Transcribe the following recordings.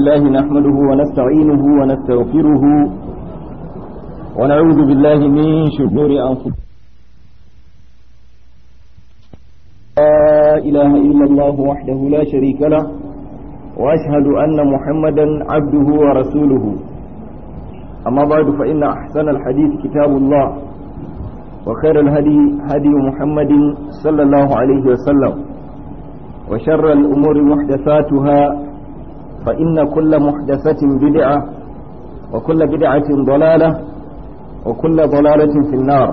الله نحمده ونستعينه ونستغفره ونعوذ بالله من شرور أنفسنا لا إله إلا الله وحده لا شريك له وأشهد أن محمدا عبده ورسوله أما بعد فإن أحسن الحديث كتاب الله وخير الهدي هدي محمد صلى الله عليه وسلم وشر الأمور محدثاتها فإن كل محدثة بدعة وكل بدعة ضلالة وكل ضلالة في النار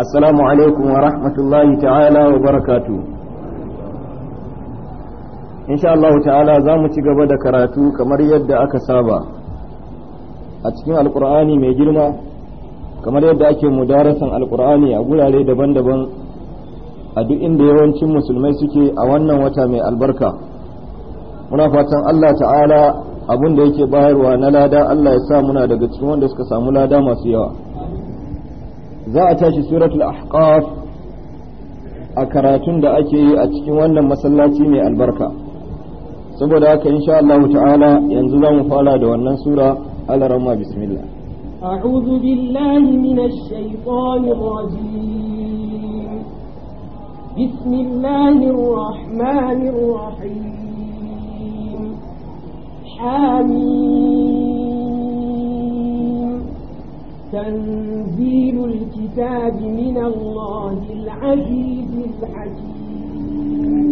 السلام عليكم ورحمة الله تعالى وبركاته إن شاء الله تعالى زامت قبل كراتو كما يد أكسابا أتكين القرآن ميجلما كما يد أكي مدارسا القرآن أقول عليه دبن دبن a duk inda yawancin musulmai suke a wannan wata mai albarka muna fatan Allah ta'ala abin da yake bayarwa na lada Allah ya sa muna daga cikin wanda suka samu lada masu yawa za a tashi suratul ahqaf a karatun da ake yi a cikin wannan masallaci mai albarka saboda haka insha Allah ta'ala yanzu za mu fara da wannan sura alarama bismillah أعوذ بالله من الشيطان الرجيم بسم الله الرحمن الرحيم حميم تنزيل الكتاب من الله العزيز الحكيم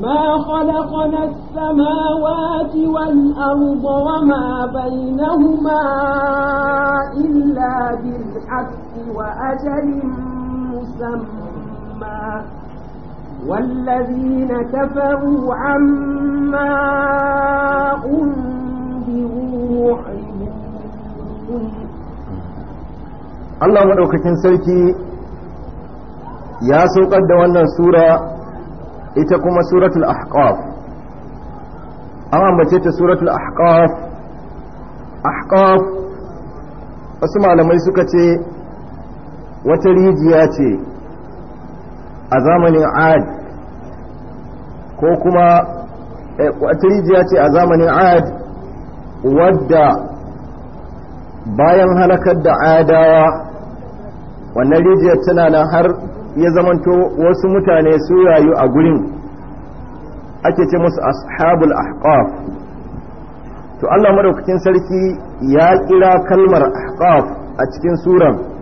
ما خلقنا السماوات والأرض وما بينهما إلا بالحق وأجل مسمى والذين كفروا عما أنذروا محرمون الله مدوكتين سيكي ya saukar da wannan sura ita kuma suratul ahqaf an ambace ta suratul ahqaf ahqaf wasu malamai suka ce wata rijiya ce a zamanin ad ko kuma eh, wata rijiya ce a zamanin ad wadda bayan halakar da adawa wannan rijiyar tana nan har ya zamanto wasu mutane su rayu a gurin ake ce musu ashabul ahqaf to Allah madaukakin sarki ya kira kalmar ahqaf a cikin suran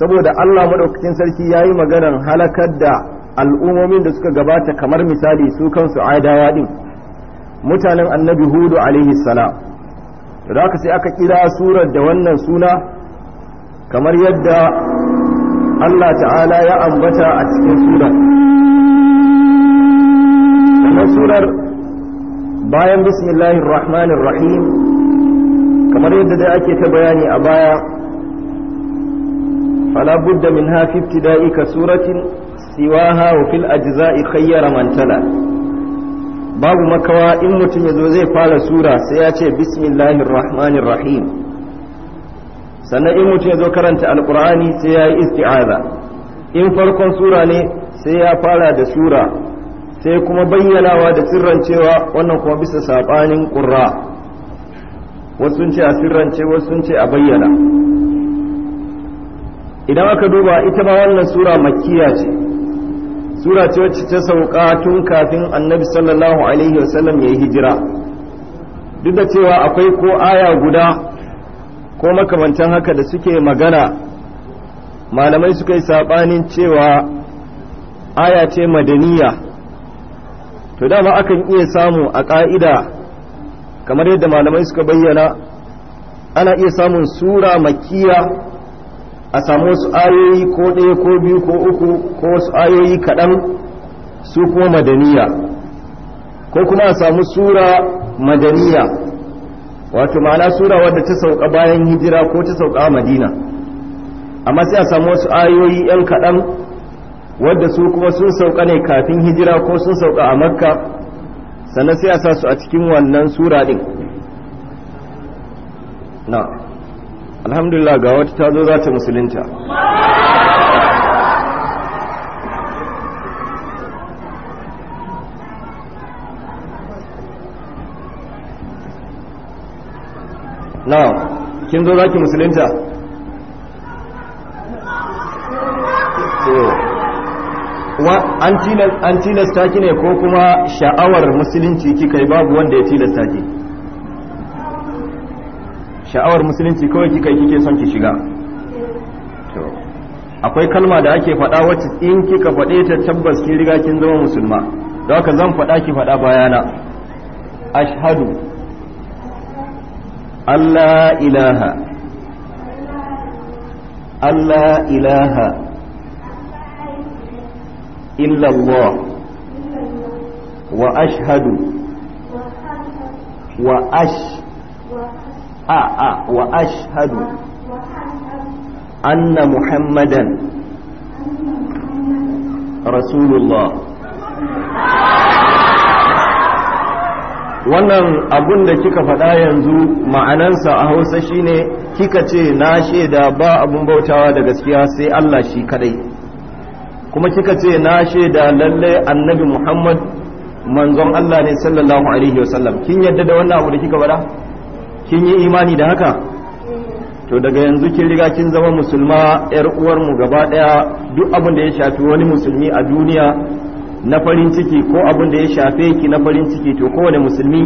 saboda Allah madaukakin sarki yayi maganar halakar da al'ummomin da suka gabata kamar misali su kansu adawa din mutanen annabi hudu alaihi salam da haka sai aka kira surar da wannan suna kamar yadda Allah ta'ala ya ambata a cikin surar surar bayan bismillahir rahmanir rahim kamar yadda da ake ta bayani a baya فلا بد منها في ابتداء كسورة سواها وفي الأجزاء خير من تلا babu makawa in mutum ya zo zai fara sura sai ya ce bismillahir rahmanir rahim sannan in mutum ya zo karanta alkur'ani sai ya yi isti'aza in farkon sura ne sai ya fara da sura sai kuma bayyanawa da sirran cewa wannan kuma bisa saɓanin ƙurra wasu sun ce a sirrance wasu sun ce a bayyana idan aka duba ita ma wannan sura makiya ce sura ce wacce ta sauka tun kafin annabi sallallahu alaihi wasallam ya yi hijira duk da cewa akwai ko aya guda ko makamantan haka da suke magana malamai suka yi saɓanin cewa aya ce madaniya to dama akan iya samu a ƙa'ida kamar yadda malamai suka bayyana ana iya samun sura makiya a samu wasu ayoyi ko ɗaya ko biyu ko uku ko wasu ayoyi kaɗan su kuma madaniya ko kuma a samu sura madaniya wato ma'ana sura wadda ta sauka bayan hijira ko ta sauka a madina amma sai a samu wasu ayoyi 'yan kaɗan wadda su kuma sun sauka ne kafin hijira ko sun sauka a makka sannan sai a sa su a cikin wannan sura ɗin na alhamdulillah ga wata ta zo za ta musulunta now kin zo za ki musulunta an tilasta ki ne ko kuma sha'awar musulunci kika yi babu wanda ya tilasta ki sha'awar musulunci kawai kika kike son ki shiga akwai kalma da ake faɗa wacce in kika faɗe ta tabbas kin riga kin zama musulma don haka zan faɗa ki faɗa bayana ashhadu Allah ilaha Allah ilaha illallah wa ashhadu wa ash a a wa ashhadu anna muhammadan rasulullah wannan abun da kika faɗa yanzu ma'anansa a hausa shine kika ce na shaida ba abun bautawa da gaskiya sai Allah shi kadai kuma kika ce na shaida lalle annabi Muhammad manzon Allah ne sallallahu alaihi wasallam kin yadda da wannan abu da kika faɗa kin yi imani da haka to daga yanzu kin riga kin zama musulma yar uwar gaba daya duk abin da ya shafi wani musulmi a duniya na farin ciki ko abin da ya shafe ki na farin ciki to kowane musulmi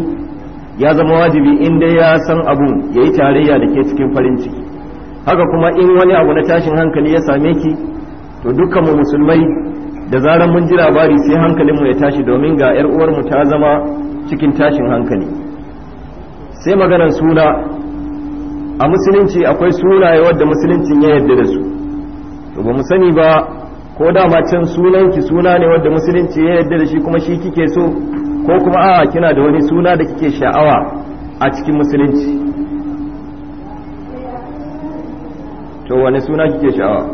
ya zama wajibi in dai ya san abun ya yi tarayya da ke cikin farin ciki haka kuma in wani abu na tashin hankali ya same ki to dukkan mu musulmai da zarar mun ji labari sai hankalinmu ya tashi domin ga 'yar uwarmu ta zama cikin tashin hankali sai maganar suna a musulunci akwai sunaye wadda musuluncin ya yarda da su to ba mu sani ba ko dama can sunanki suna ne wadda musulunci ya yarda da shi kuma shi kike so ko kuma a kina da wani suna da kike sha'awa a cikin musulunci to wani suna kike sha'awa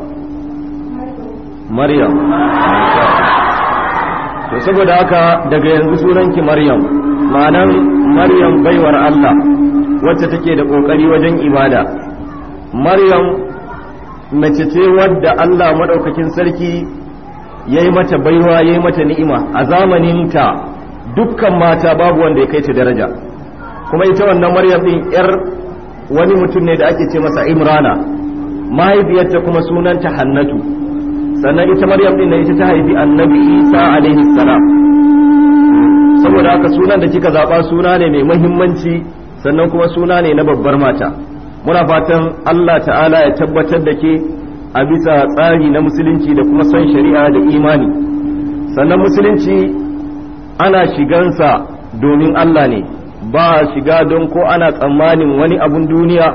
maryam to saboda haka daga yanzu sunanki maryam ma'anan maryam baiwar Allah wacce take da kokari wajen ibada maryam mace ce wadda Allah madaukakin sarki yayi mata baiwa yayi mata ni'ima a zamaninta dukkan mata babu wanda ya kai ta daraja kuma ita wannan maryam din yar wani mutum ne da ake ce masa imrana mahaifiyarta kuma sunanta hannatu sannan ita maryam din ne ita ta haifi annabi isa alaihi salam saboda haka sunan da kika zaɓa suna ne mai muhimmanci sannan kuma suna ne na babbar mata muna fatan Allah ta'ala ya tabbatar da ke a bisa tsari na musulunci da kuma son shari'a da imani sannan musulunci ana shigansa domin Allah ne ba shiga don ko ana tsammanin wani abun duniya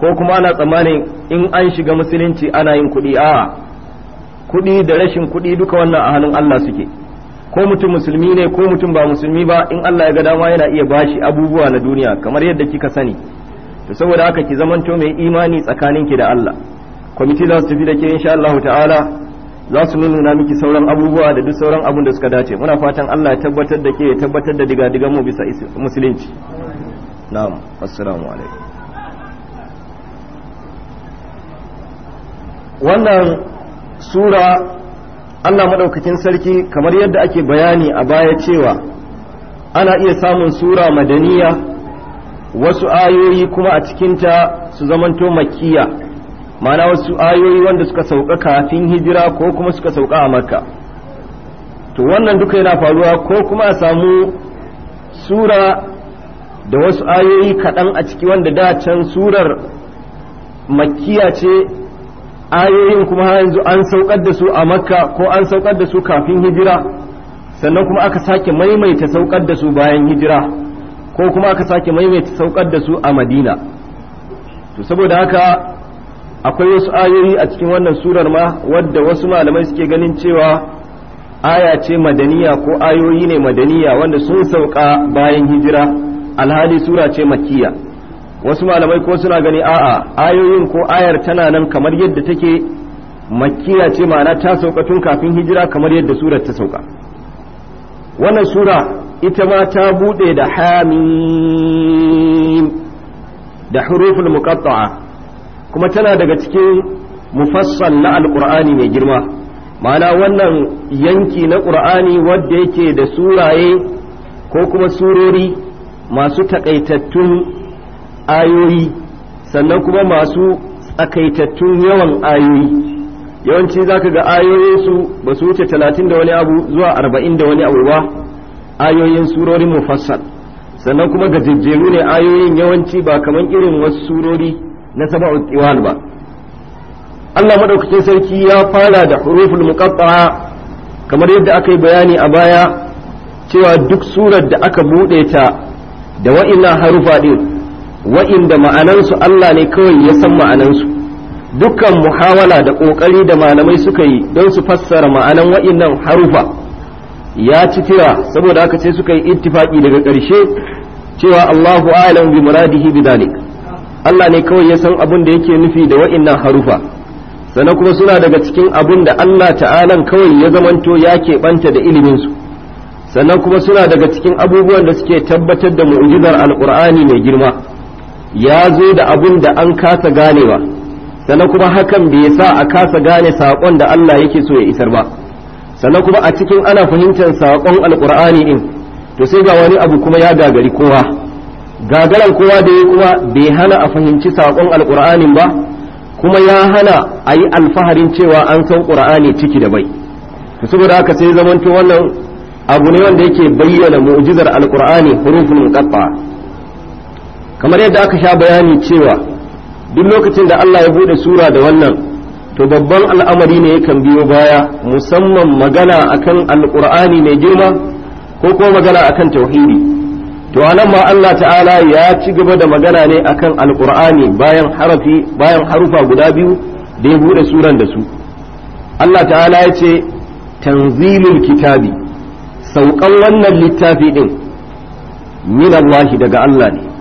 ko kuma ana tsammanin in an shiga musulunci ana yin kuɗi a kuɗi da rashin kuɗi duka wannan a hannun Allah suke ko mutum musulmi ne ko mutum ba musulmi ba in Allah ya ga dama yana iya bashi abubuwa na duniya kamar yadda kika sani to saboda haka ki zamanto mai imani tsakanin ki da Allah kwamiti za su tafi da ke insha Allah ta'ala za su nuna miki sauran abubuwa da duk sauran abun da suka dace muna fatan Allah ya tabbatar da ke ya tabbatar da diga diga mu bisa musulunci na'am assalamu alaikum wannan sura Allah madaukakin sarki kamar yadda ake bayani a baya cewa ana iya samun sura madaniya wasu ayoyi kuma a cikinta su zamanto makkiya mana wasu ayoyi wanda suka sauka kafin hijira ko kuma suka sauka a makka to wannan duka yana faruwa ko kuma a samu sura da wasu ayoyi kaɗan a ciki wanda da can surar makkiya ce ayoyin kuma har yanzu an saukar da su a makka ko an saukar da su kafin hijira sannan kuma aka sake maimaita saukar da su bayan hijira ko kuma aka sake maimaita saukar da su a madina to saboda haka akwai wasu ayoyi a cikin wannan surar ma wadda wasu malamai suke ganin cewa aya ce madaniya ko ayoyi ne madaniya wanda sun sauka bayan hijira alhali sura ce makkiya wasu malamai ko suna gani a'a ayoyin ko ayar tana nan kamar yadda take makkiya ce ma'ana ta sauka tun kafin hijira kamar yadda surar ta sauka wannan sura ita ma ta bude da hamim da huruful muqatta'a kuma tana daga cikin mufassal na alqur'ani mai girma ma'ana wannan yanki na qur'ani wanda yake da suraye ko kuma surori masu takaitattun ayoyi sannan kuma masu tsakaitattun yawan ayoyi yawanci za ka ga ayoyinsu ba su wuce talatin da wani abu zuwa arba'in da wani abu ba ayoyin surorin mufassal sannan kuma gajejjeru ne ayoyin yawanci ba kamar irin wasu surori na saba'u tiwal ba Allah madaukakin sarki ya fara da huruful muqatta'a kamar yadda aka yi bayani a baya cewa duk surar da aka buɗe ta da wa'ina harufa ɗin wa'inda ma'anansu Allah ne kawai ya san ma'anansu dukkan muhawala da ƙoƙari da malamai suka yi don su fassara ma'anan wa'innan harufa ya ci tira saboda aka ce suka yi ittifaki daga ƙarshe cewa Allahu a'lam bi muradihi ne. Allah ne kawai ya san abin da yake nufi da wa'innan harufa sannan kuma suna daga cikin abin da Allah ta'ala kawai ya zamanto ya keɓanta da iliminsu sannan kuma suna daga cikin abubuwan da suke tabbatar da mu'jizar alqur'ani mai girma ya zo da abun da an kasa ganewa sannan kuma hakan bai sa a kasa gane saƙon da Allah yake so ya isar ba sannan kuma a cikin ana fahimtar saƙon alƙur'ani din to sai ga wani abu kuma ya gagari kowa gagaran kowa da ya kuma bai hana a fahimci saƙon alƙur'anin ba kuma ya hana a yi alfaharin cewa an san ƙur'ani ciki da bai to saboda haka sai zamanto wannan abu ne wanda yake bayyana mu'jizar alƙur'ani hurufun kafa. kamar yadda aka sha bayani cewa duk lokacin da Allah ya bude sura da wannan to babban al'amari ne yakan biyo baya musamman magana akan alqur'ani mai girma ko kuma magana akan tauhidi to anan ma Allah ta'ala ya ci gaba da magana ne akan alqur'ani bayan harafi bayan harufa guda biyu da ya bude suran da su Allah ta'ala ya ce tanzilul kitabi saukan wannan littafi din min Allah daga Allah ne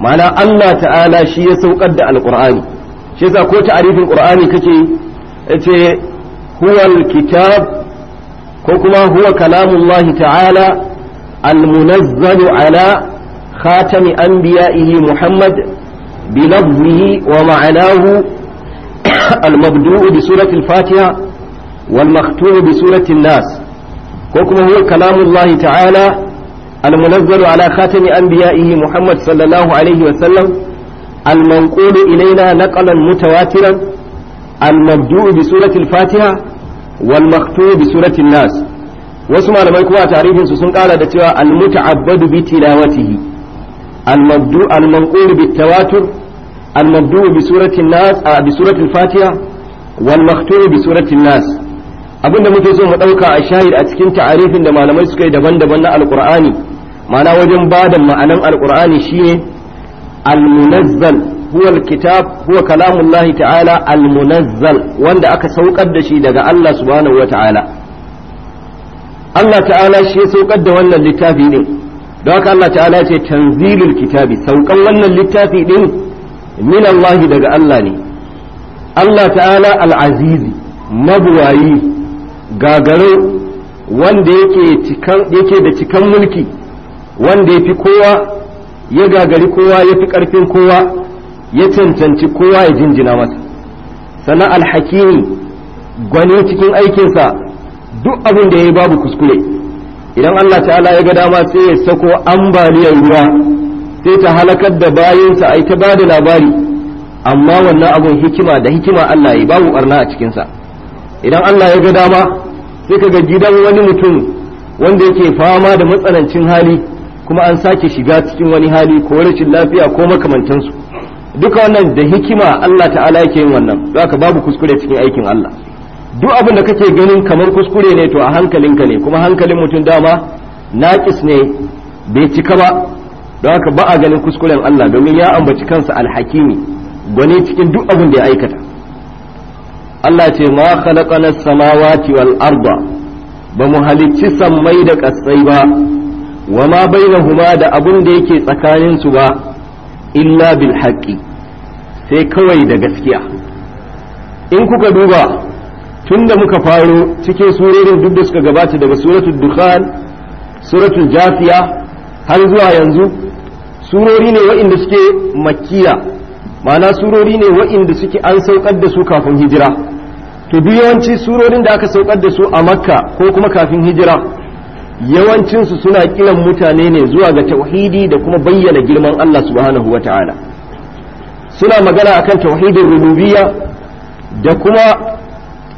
ma'ana Allah ta'ala shi ya saukar da alkur'ani shi yasa ko ta'arifin qur'ani kake yace huwal kitab ko kuma huwa kalamullahi ta'ala almunazzalu ala khatami anbiya'ihi muhammad wa بلفظه ومعناه المبدوء بسورة الفاتحة والمختوم بسورة الناس وكما هو كلام kalamullahi ta'ala المنزل على خاتم أنبيائه محمد صلى الله عليه وسلم المنقول إلينا نقلا متواترا المبدوء بسورة الفاتحة والمختوم بسورة الناس wasu malamai kuma a tarihinsu sun kara da cewa almuta'abbadu bi tilawatihi almabdu almanqulu bit tawatur almabdu bi surati nas bi surati al-fatiha wal maktum bi surati nas abinda muke so mu ɗauka a shahid a cikin ta'arifin da malamai suka yi daban-daban na alqur'ani ma'ana wajen bada ma'anan alqur'ani shine almunazzal huwa alkitab huwa kalamullahi ta'ala almunazzal wanda aka saukar da shi daga Allah subhanahu wata'ala Allah ta'ala shi ya saukar da wannan littafi din don haka Allah ta'ala ce tanzilul kitabi saukan wannan littafi din min Allah daga Allah ne Allah ta'ala al'azizi mabuwayi gagarau wanda yake da cikan mulki wanda ya fi kowa ya gagari kowa ya fi ƙarfin kowa ya cancanci kowa ya jinjina masa sannan alhakimi gwani cikin aikinsa duk abin da ya yi babu kuskure idan Allah ta'ala ya ga dama sai ya sako ambaliyar ruwa sai ta halakar da bayansa ai ta ba da labari amma wannan abun hikima da hikima Allah ya yi babu barna a cikinsa idan Allah ya ga dama sai ka ga gidan wani mutum wanda yake fama da matsanancin hali kuma an sake shiga cikin wani hali ko rashin lafiya ko makamantansu duka wannan da hikima Allah ta'ala yake yin wannan zaka babu kuskure cikin aikin Allah duk abin da kake ganin kamar kuskure ne to a hankalinka ne kuma hankalin mutum dama naqis ne bai cika ba don haka ba a ganin kuskuren Allah domin ya ambaci kansa alhakimi gwani cikin duk abin da ya aikata Allah ce ma khalaqana samawati wal arda ba mu halicci sammai da kasai ba wa ma huma da abun da yake tsakanin su ba illa bil haqqi sai kawai da gaskiya in kuka duba tunda muka faro cikin surorin duk da suka gabata daga suratul dukhan suratul jafiya har zuwa yanzu surori ne wa'inda suke makkiya ma'ana surori ne wa'inda suke an saukar da su kafin hijira to duk surorin da aka saukar da su a makka ko kuma kafin hijira yawancinsu suna kiran mutane ne zuwa ga tauhidi da kuma bayyana girman Allah subhanahu wa ta'ala suna magana akan tauhidin rububiyya da kuma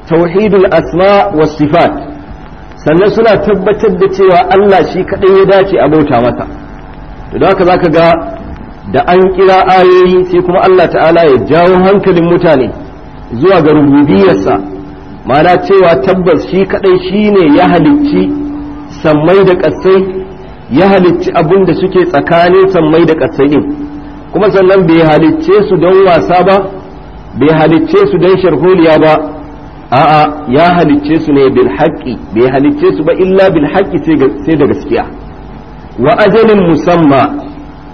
tauhidul asma wa sifat sannan suna tabbatar da cewa Allah shi kaɗai ya dace a bauta masa to haka zaka ga da an kira ayoyi sai kuma Allah ta'ala ya jawo hankalin mutane zuwa ga rububiyarsa ma'ana cewa tabbas shi kaɗai ne ya halicci sammai da ƙasai ya halicci abin da suke tsakanin sammai da ƙasai ɗin kuma sannan bai halicce su don wasa ba bai halicce su don sharholiya ba a'a ya halicce su ne bil haƙƙi bai halicce su ba illa bil haƙƙi sai da gaskiya wa ajalin musamma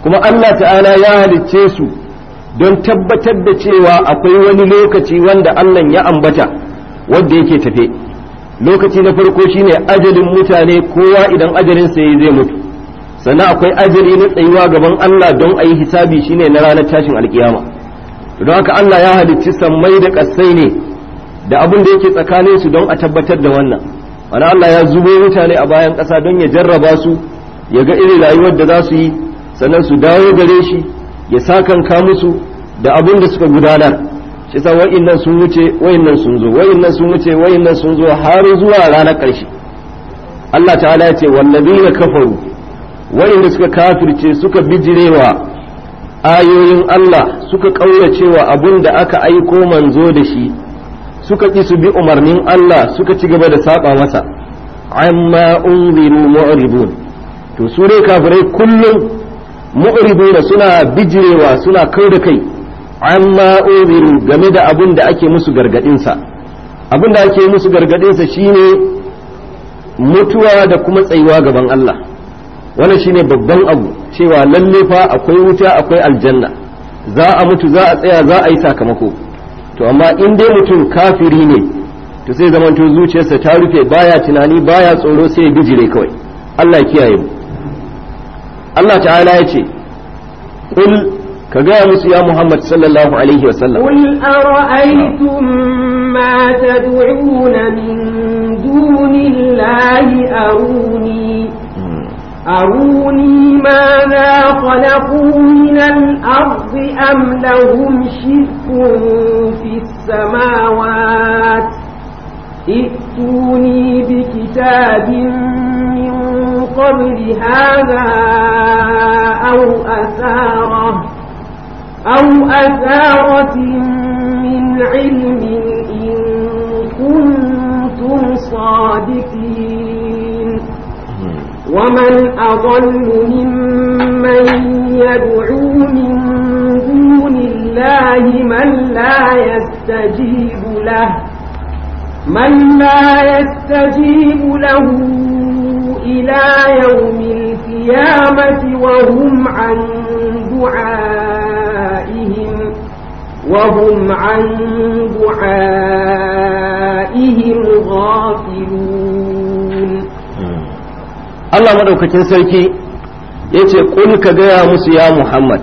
kuma Allah ta'ala ya halicce su don tabbatar da cewa akwai wani lokaci wanda Allah ya ambata wanda yake tafe lokaci na farko shine ajalin mutane kowa idan ajalin sa zai mutu sannan akwai ajali na tsayuwa gaban Allah don a yi hisabi shine na ranar tashin alkiyama don haka Allah ya halicci sammai da kassai ne da abin da yake tsakanin su don a tabbatar da wannan wani Allah ya zubo mutane a bayan ƙasa don ya jarraba su ya ga irin rayuwar da za su yi sannan su dawo gare shi ya sakanka musu da abin da suka gudanar shi sa nan sun wuce nan sun zo nan sun wuce nan sun zo har zuwa ranar ƙarshe Allah ta'ala ya ce wallazina kafaru da suka kafirce suka bijirewa ayoyin Allah suka ƙauracewa abin da aka aiko manzo da shi suka ki su bi umarnin Allah suka ci gaba da saba masa amma unziru mu'ribun to su kafirai kullum mu'ribuna suna bijirewa suna da kai amma uziru game da abin da ake musu gargadinsa abin da ake musu gargadinsa shine mutuwa da kuma tsayuwa gaban Allah wannan shine babban abu cewa lalle fa akwai wuta akwai aljanna za a mutu za a tsaya za a yi sakamako to amma in dai mutum kafiri ne to sai zamanto zuciyarsa ta rufe baya tunani baya tsoro sai ya bijire kawai Allah kiyaye mu Allah ta'ala ya ce qul كجامس يا محمد صلى الله عليه وسلم قل أرأيتم ما تدعون من دون الله أروني أروني ماذا خلقوا من الأرض أم لهم شرك في السماوات ائتوني بكتاب من قبل هذا أو أثاره أو أثارة من علم إن كنتم صادقين ومن أضل ممن يدعو من دون الله من لا يستجيب له من لا يستجيب له إلى يوم القيامة وهم عن دعائهم دعائهم وهم عن دعائهم غافلون الله مدوكتين سيكي yace kun ka gaya musu ya Muhammad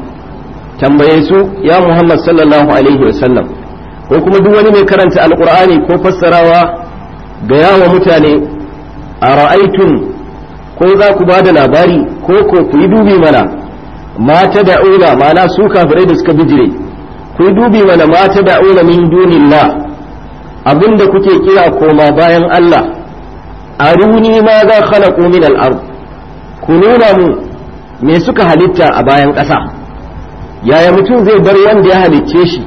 tambaye su ya Muhammad sallallahu alaihi wasallam ko kuma duk wani mai karanta alqur'ani ko fassarawa gaya wa mutane a ra'aitun ko za ku ba da labari ko ko ku yi dubi mana mata da da'una ma'ana su kafirai da suka bijire ku dubi mana mata da da'una min dunillah abinda kuke kira koma bayan Allah aruni ma za khalaqu min al-ard ku nuna mu me suka halitta a bayan ƙasa yaya mutum zai bar wanda ya halicce shi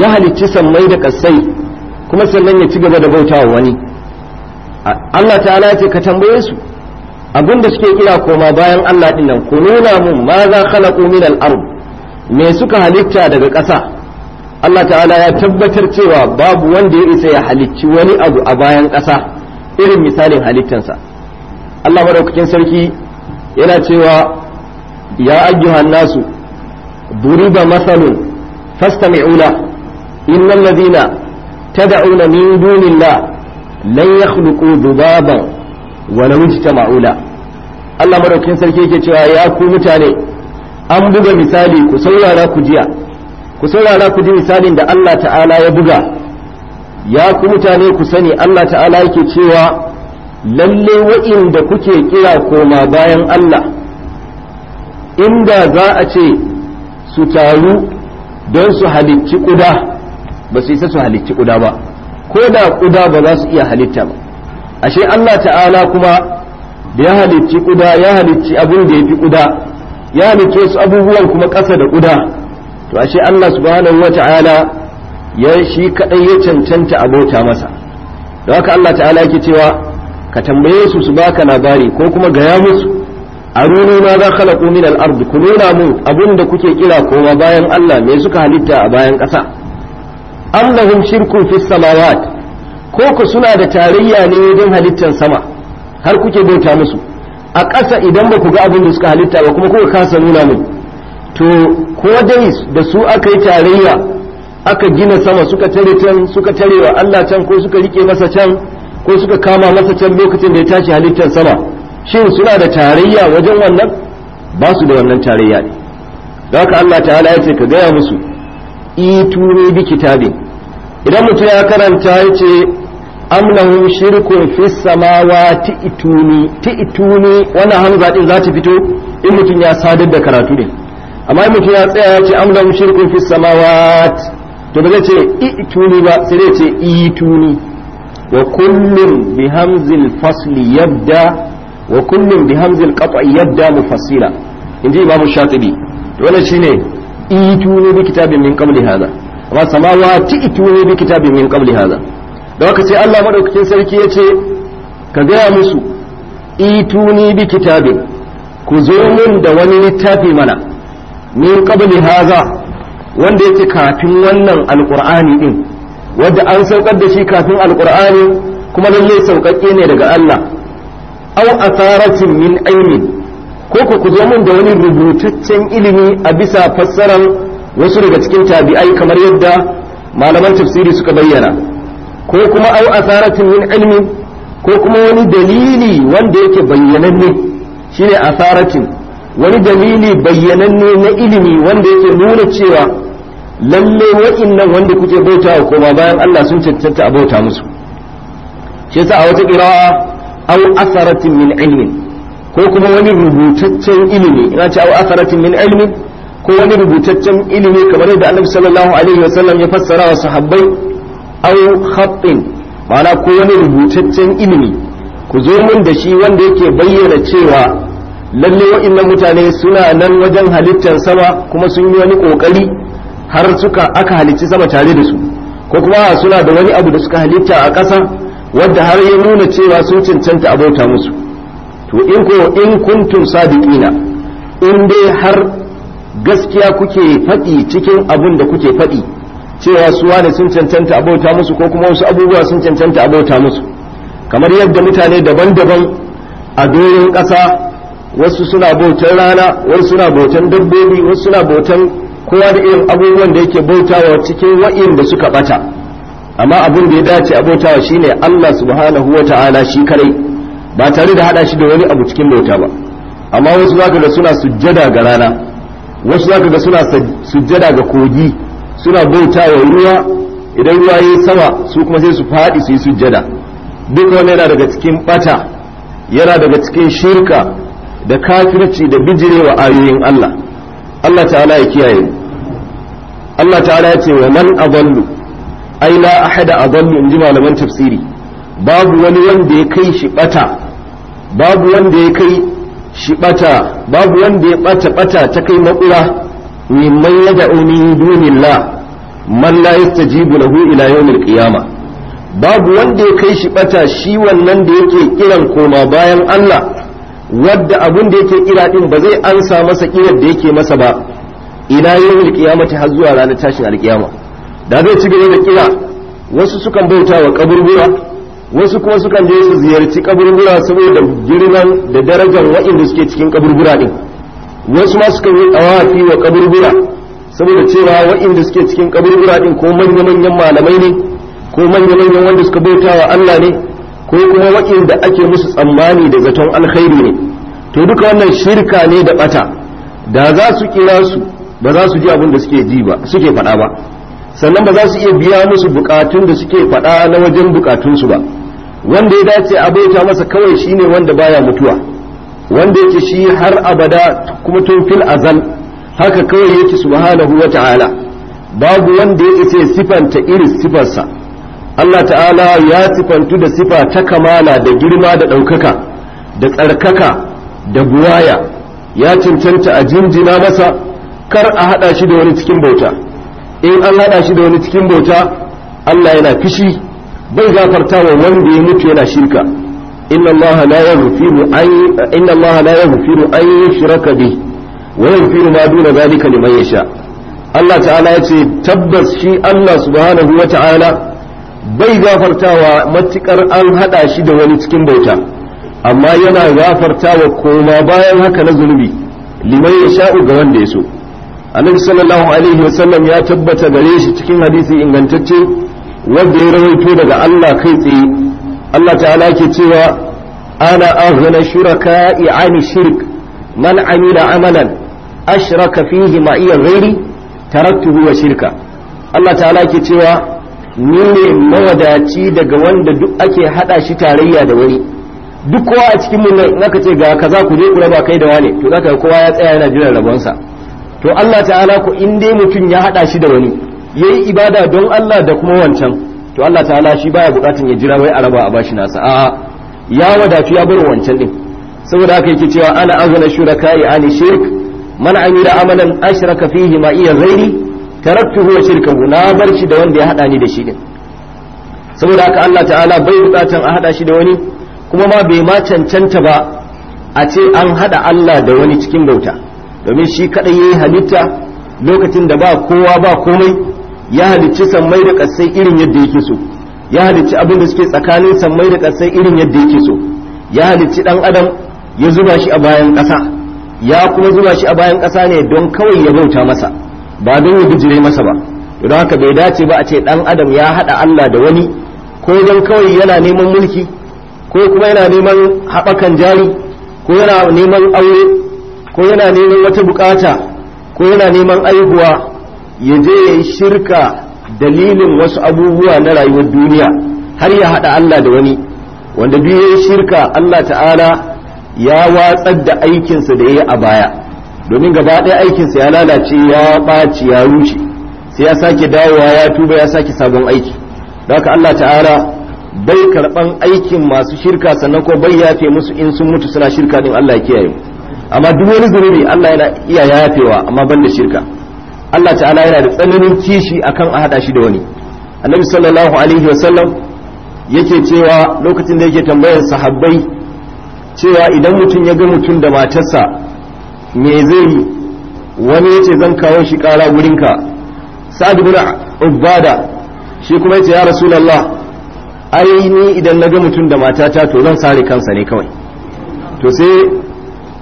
ya halicci sammai da kasai kuma sannan ya ci gaba da bautawa wani Allah ta'ala ya ce ka tambaye su abin da suke kira koma bayan Allah din nan ku nuna mun ma za khalaqu min al-ard me suka halitta daga ƙasa Allah ta'ala ya tabbatar cewa babu wanda ya isa ya halicci wani abu a bayan ƙasa irin misalin halittansa Allah madaukakin sarki yana cewa ya ayyuhan nasu duriba masalun fastami'u la innal ladina tad'una min dunillahi lan yakhluqu dhubaban wa namiji ta ma'ula Allah madaukin sarki yake cewa ya ku mutane an buga misali ku saurara ku jiya ku saurara ku ji misalin da Allah ta'ala ya buga ya ku mutane ku sani Allah ta'ala yake cewa lalle wa'inda kuke kira koma bayan Allah inda za a ce su taru don su halicci kuda ba su isa su halicci kuda ba ko da kuda ba za su iya halitta ba ashe Allah ta'ala kuma da ya halicci kuda ya halicci abin da ya fi kuda ya halicce wasu abubuwan kuma ƙasa da kuda to ashe Allah subhanahu wa ta'ala ya shi kaɗai ya cancanta abota masa da haka Allah ta'ala yake cewa ka tambaye su su baka labari ko kuma gaya musu aruni ma za khalaqu min al-ard ku nuna mun abun da kuke kira koma bayan Allah me suka halitta a bayan ƙasa am lahum shirku fis samawati ko ku suna da tarayya ne wajen halittar sama har kuke bauta musu a ƙasa idan ba ku ga abin da suka halitta ba kuma kuka kasa nuna mu to ko dai da su aka yi tarayya aka gina sama suka tare can suka tarewa Allah can ko suka rike masa can ko suka kama masa can lokacin da ya tashi halittar sama shin suna da tarayya wajen wannan ba su da wannan tarayya ne don haka Allah ta'ala ya ce ka gaya musu ituro bi kitabin idan mutum ya karanta ya ce am lahum shirkun fis samawati ituni ti'tuni wannan hamza din za ta fito in mutum ya sadar da karatu din amma in mutum ya tsaya ya ce am lahum shirkun fis samawat to ba zai ce ituni ba sai zai ce ituni wa kullun bi hamzil fasli yabda wa kullun bi hamzil qat'i yabda mufassila inji imamu shatibi to wannan shine ituni bi kitabin min qabli hada amma samawati ituni bi kitabin min qabli hada da haka sai Allah madaukakin sarki ya ce ka gaya musu ituni bi kitabin ku zo min da wani littafi mana min qabli haza wanda yake kafin wannan alqur'ani din wanda an saukar da shi kafin alqur'ani kuma lalle saukakke ne daga Allah aw asaratin min ilmin ko ku zo min da wani rubutaccen ilimi a bisa fassarar wasu daga cikin tabi'ai kamar yadda malaman tafsiri suka bayyana ko kuma au asaratin min ilmi ko kuma wani dalili wanda yake bayyananne shine asaratin wani dalili bayyananne na ilimi wanda yake nuna cewa lalle wa'innan wanda kuke bautawa koma bayan Allah sun cancanta a bauta musu shi yasa a wata qira'a au asaratin min ilmi ko kuma wani rubutaccen ilimi ina ce au asaratin min ilmi ko wani rubutaccen ilimi kamar yadda Annabi sallallahu alaihi wasallam ya fassara wa sahabbai au khattin mana ko wani rubutaccen ilimi ku zo min da shi wanda yake bayyana cewa lalle wa'annan mutane suna nan wajen halittar sama kuma sun yi wani kokari har suka aka halicci sama tare da su ko kuma suna da wani abu da suka halitta a ƙasa wadda har ya nuna cewa sun cancanta a musu to in ko in kuntum sadiqina in dai har gaskiya kuke faɗi cikin abin da kuke faɗi cewa su ne sun cancanta abota musu ko kuma wasu abubuwa sun cancanta abota musu kamar yadda mutane daban-daban a doron ƙasa wasu suna bautan rana wasu suna bautan dabbobi wasu suna bautan kowa da irin abubuwan da yake bautawa cikin wa'in da suka bata amma abin da ya dace a bautawa shine Allah subhanahu wa ta'ala shi kare ba tare da hada shi da wani abu cikin bauta ba amma wasu zaka ga suna sujjada ga rana wasu zaka ga suna sujjada ga kogi suna bauta wa ruwa idan ruwa yayi sama su kuma sai su faɗi su yi sujjada duk wani yana daga cikin bata yana daga cikin shirka da kafirci da bijirewa ayoyin Allah Allah ta'ala ya kiyaye Allah ta'ala ya ce wa man adallu ai la ahada adallu inji malaman tafsiri babu wani wanda ya kai shi bata babu wanda ya kai shi bata babu wanda ya bata bata ta kai makura mimman yad'u min dunillah man la yastajibu lahu ila yawmil qiyamah babu wanda ya kai shi bata shi wannan da yake kiran koma bayan Allah wadda abun da yake kira din ba zai ansa masa kiran da yake masa ba ila yawmil ta har zuwa ranar tashin alkiyama da zai ci gaba da kira wasu sukan bauta wa kaburbura wasu kuma sukan je su ziyarci kaburbura saboda girman da darajar waɗanda suke cikin kaburbura din wasu ma suka yi tawafi wa kaburbura saboda cewa waɗanda suke cikin kaburbura din ko manya-manyan malamai ne ko manya-manyan wanda suka bauta wa Allah ne ko kuma waɗanda ake musu tsammani da zaton alkhairi ne to duka wannan shirka ne da bata da za su kira su ba za su ji abin da suke ji ba suke faɗa ba sannan ba za su iya biya musu bukatun da suke faɗa na wajen bukatun su ba wanda ya dace a bauta masa kawai shine wanda baya mutuwa wanda yake shi har abada kuma tun fil azal haka kawai yake subhanahu wa ta'ala babu wanda ya isa sifanta iri sifarsa Allah ta'ala ya sifantu da sifa ta kamala da girma da ɗaukaka da tsarkaka da buwaya ya cancanta a jinjina masa kar a haɗa shi da wani cikin bauta in an haɗa shi da wani cikin bauta Allah yana fishi bai gafarta wa wanda ya mutu yana shirka إن الله لا يغفر أن إن الله لا يغفر أن يشرك به ويغفر ما دون ذلك لمن يشاء الله تعالى يتي تبس شي الله سبحانه وتعالى bai gafartawa matukar an hada shi da wani cikin bauta amma yana gafartawa koma bayan haka na zunubi liman ya sha'u ga wanda ya so annabi sallallahu alaihi wasallam ya tabbata gare shi cikin hadisi ingantacce wanda ya rawaito daga Allah kai tsaye Allah ta'ala ke cewa ana aghna shuraka'i ani shirk man amila amalan ashraka fihi ma iya ghairi taraktuhu wa shirka Allah ta'ala ke cewa ni ne mawadaci daga wanda duk ake hada shi tarayya da wani duk kowa a cikin mun ka ce ga kaza ku je ku raba kai da wani to zaka kowa ya tsaya yana jiran rabonsa to Allah ta'ala ku in dai mutum ya hada shi da wani yayi ibada don Allah da kuma wancan to Allah ta'ala shi baya bukatun ya jira wai a raba a bashi nasa a'a ya wadatu ya bar wancan din saboda haka yake cewa ana azna shuraka'i ani shirk man amila amalan ashraka fihi ma iya ghairi taraktuhu wa shirkahu na bar shi da wanda ya hada ni da shi din saboda haka Allah ta'ala bai bukatan a hada shi da wani kuma ma bai ma cancanta ba a ce an hada Allah da wani cikin bauta domin shi kadai yayi halitta lokacin da ba kowa ba komai ya halicci sammai da ƙasai irin yadda yake so ya halicci abin da suke tsakanin sammai da ƙasai irin yadda yake so ya halicci ɗan adam ya zuba shi a bayan ƙasa ya kuma zuba shi a bayan ƙasa ne don kawai ya bauta masa ba don ya bijire masa ba don haka bai dace ba a ce ɗan adam ya haɗa Allah da wani ko don kawai yana neman mulki ko kuma yana neman haɓakan jari ko yana neman aure ko yana neman wata bukata ko yana neman aihuwa ya je ya yi shirka dalilin wasu abubuwa na rayuwar duniya har ya haɗa Allah da wani wanda duk ya yi shirka Allah ta'ala ya watsar da aikinsa da ya yi a baya domin gaba ɗaya aikinsa ya lalace ya ɓaci ya rushe sai ya sake dawowa ya tuba ya sake sabon aiki da haka Allah ta'ala bai karɓan aikin masu shirka sannan ko bai yafe musu in sun mutu suna shirka din Allah ya kiyaye amma duk wani zunubi Allah yana iya yafewa amma ban da shirka Allah ta'ala yana da tsananin kishi akan a hada shi da wani annabi sallallahu alaihi wa sallam yake cewa lokacin da yake tambayar sahabbai cewa idan mutum ya ga mutum da matarsa me zai yi wani yace zan kawo shi kara gurinka sa'ad bin ubada shi kuma yace ya rasulullah ai ni idan na ga mutum da matata to zan sare kansa ne kawai to sai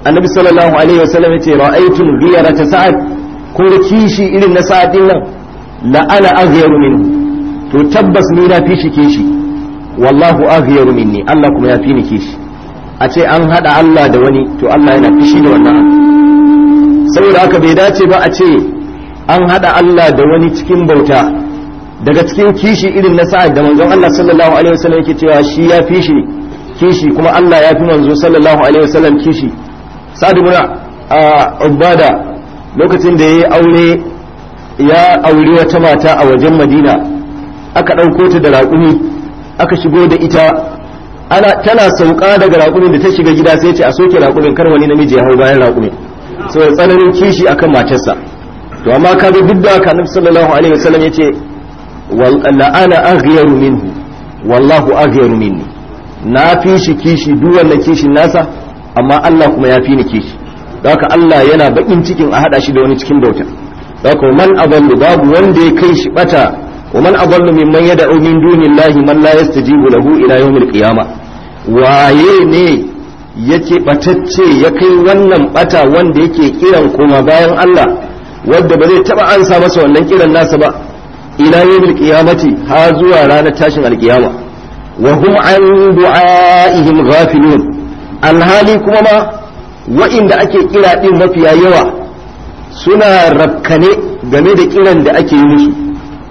annabi sallallahu alaihi wa sallam yace ra'aytu ghiyarata sa'ad ko da kishi irin na sa'adin nan la'ana aghyaru min to tabbas ni na fi shi kishi wallahu aghyaru minni Allah kuma ya fi ni kishi a ce an hada Allah da wani to Allah yana fishi da wannan saboda haka bai dace ba a ce an hada Allah da wani cikin bauta daga cikin kishi irin na sa'ad da manzon Allah sallallahu alaihi wasallam yake cewa shi ya fi shi kishi kuma Allah ya fi manzo sallallahu alaihi wasallam kishi sa'ad ibn ah, ubada lokacin da ya yi aure ya auri wata mata a wajen madina aka ɗauko ta da raƙumi aka shigo da ita tana sauka daga raƙumin da ta shiga gida sai ce a soke raƙumin kar wani namiji ya hau bayan raƙumin so tsananin kishi akan matarsa to amma kaga duk da haka sallallahu alaihi wasallam yace la'ana ana aghyaru minhu wallahu aghyaru minni na fi shi kishi duk wannan kishin nasa amma Allah kuma ya fi ni kishi da Allah yana bakin cikin a haɗa shi da wani cikin bauta da man adallu babu wanda ya kai shi bata wa man min man yad'u min dunillahi man la yastajibu lahu ila yawmil qiyama waye ne yake batacce ya kai wannan bata wanda yake kiran kuma bayan Allah wanda ba zai taɓa ansa masa wannan kiran nasa ba ila yawmil qiyamati ha zuwa ranar tashin alkiyama wa hum an du'aihim ghafilun alhali kuma ma wa'inda ake kira din mafiya yawa suna rakkane game da kiran da ake yi musu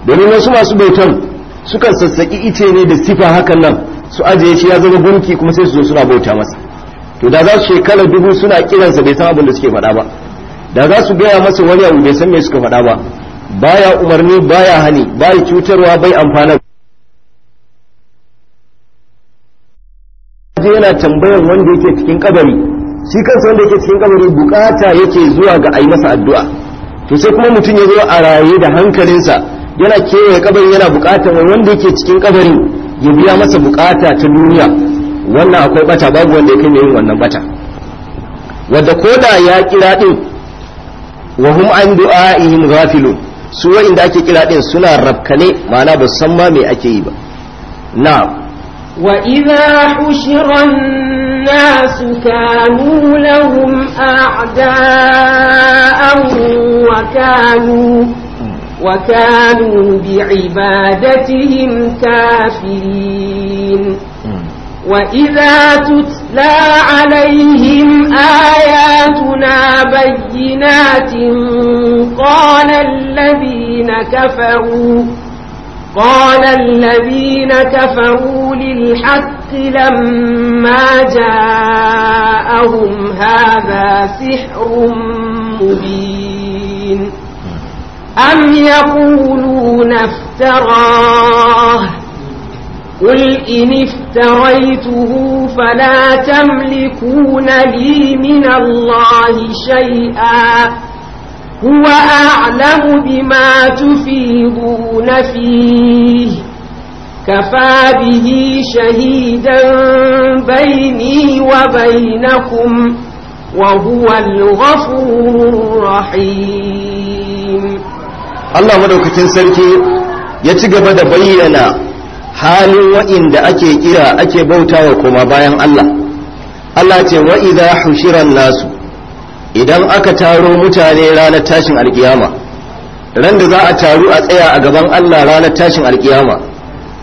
domin wasu masu bautan sukan sassaki ice ne da sifa hakan nan su ajiye shi ya zama gunki kuma sai su zo suna bauta masa to da za su shekara dubu suna kiransa bai san abin da suke faɗa ba da za su gaya masa wani abu bai san me suka faɗa ba baya umarni baya hani baya cutarwa bai amfana je yana tambayar wanda yake cikin kabari shi kansa wanda yake cikin kabari bukata yake zuwa ga a yi masa addu'a to sai kuma mutum ya zo a raye da hankalinsa yana kewaye kabari yana bukata wanda yake cikin kabari ya biya masa bukata ta duniya wannan akwai bata babu wanda ya kai yin wannan bata wadda koda ya kira din wa hum an du'a'ihim ghafilun su wa'inda ake kira suna rabkane ma'ana ba san ma me ake yi ba na wa idha الناس كانوا لهم أعداء وكانوا وكانوا بعبادتهم كافرين وإذا تتلى عليهم آياتنا بينات قال الذين كفروا قال الذين كفروا للحق لما جاءهم هذا سحر مبين أم يقولون افتراه قل إن افتريته فلا تملكون لي من الله شيئا هو أعلم بما تفيضون فيه كفى به شهيدا بيني وبينكم وهو الغفور الرحيم الله مدوكتين سركي يتقب دبينا حال وإن دا أكي إرا أكي بوتا وكما بايان الله الله تي وإذا حشر الناس idan aka taro mutane ranar tashin alkiyama ran da za a taru a tsaya a gaban Allah ranar tashin alkiyama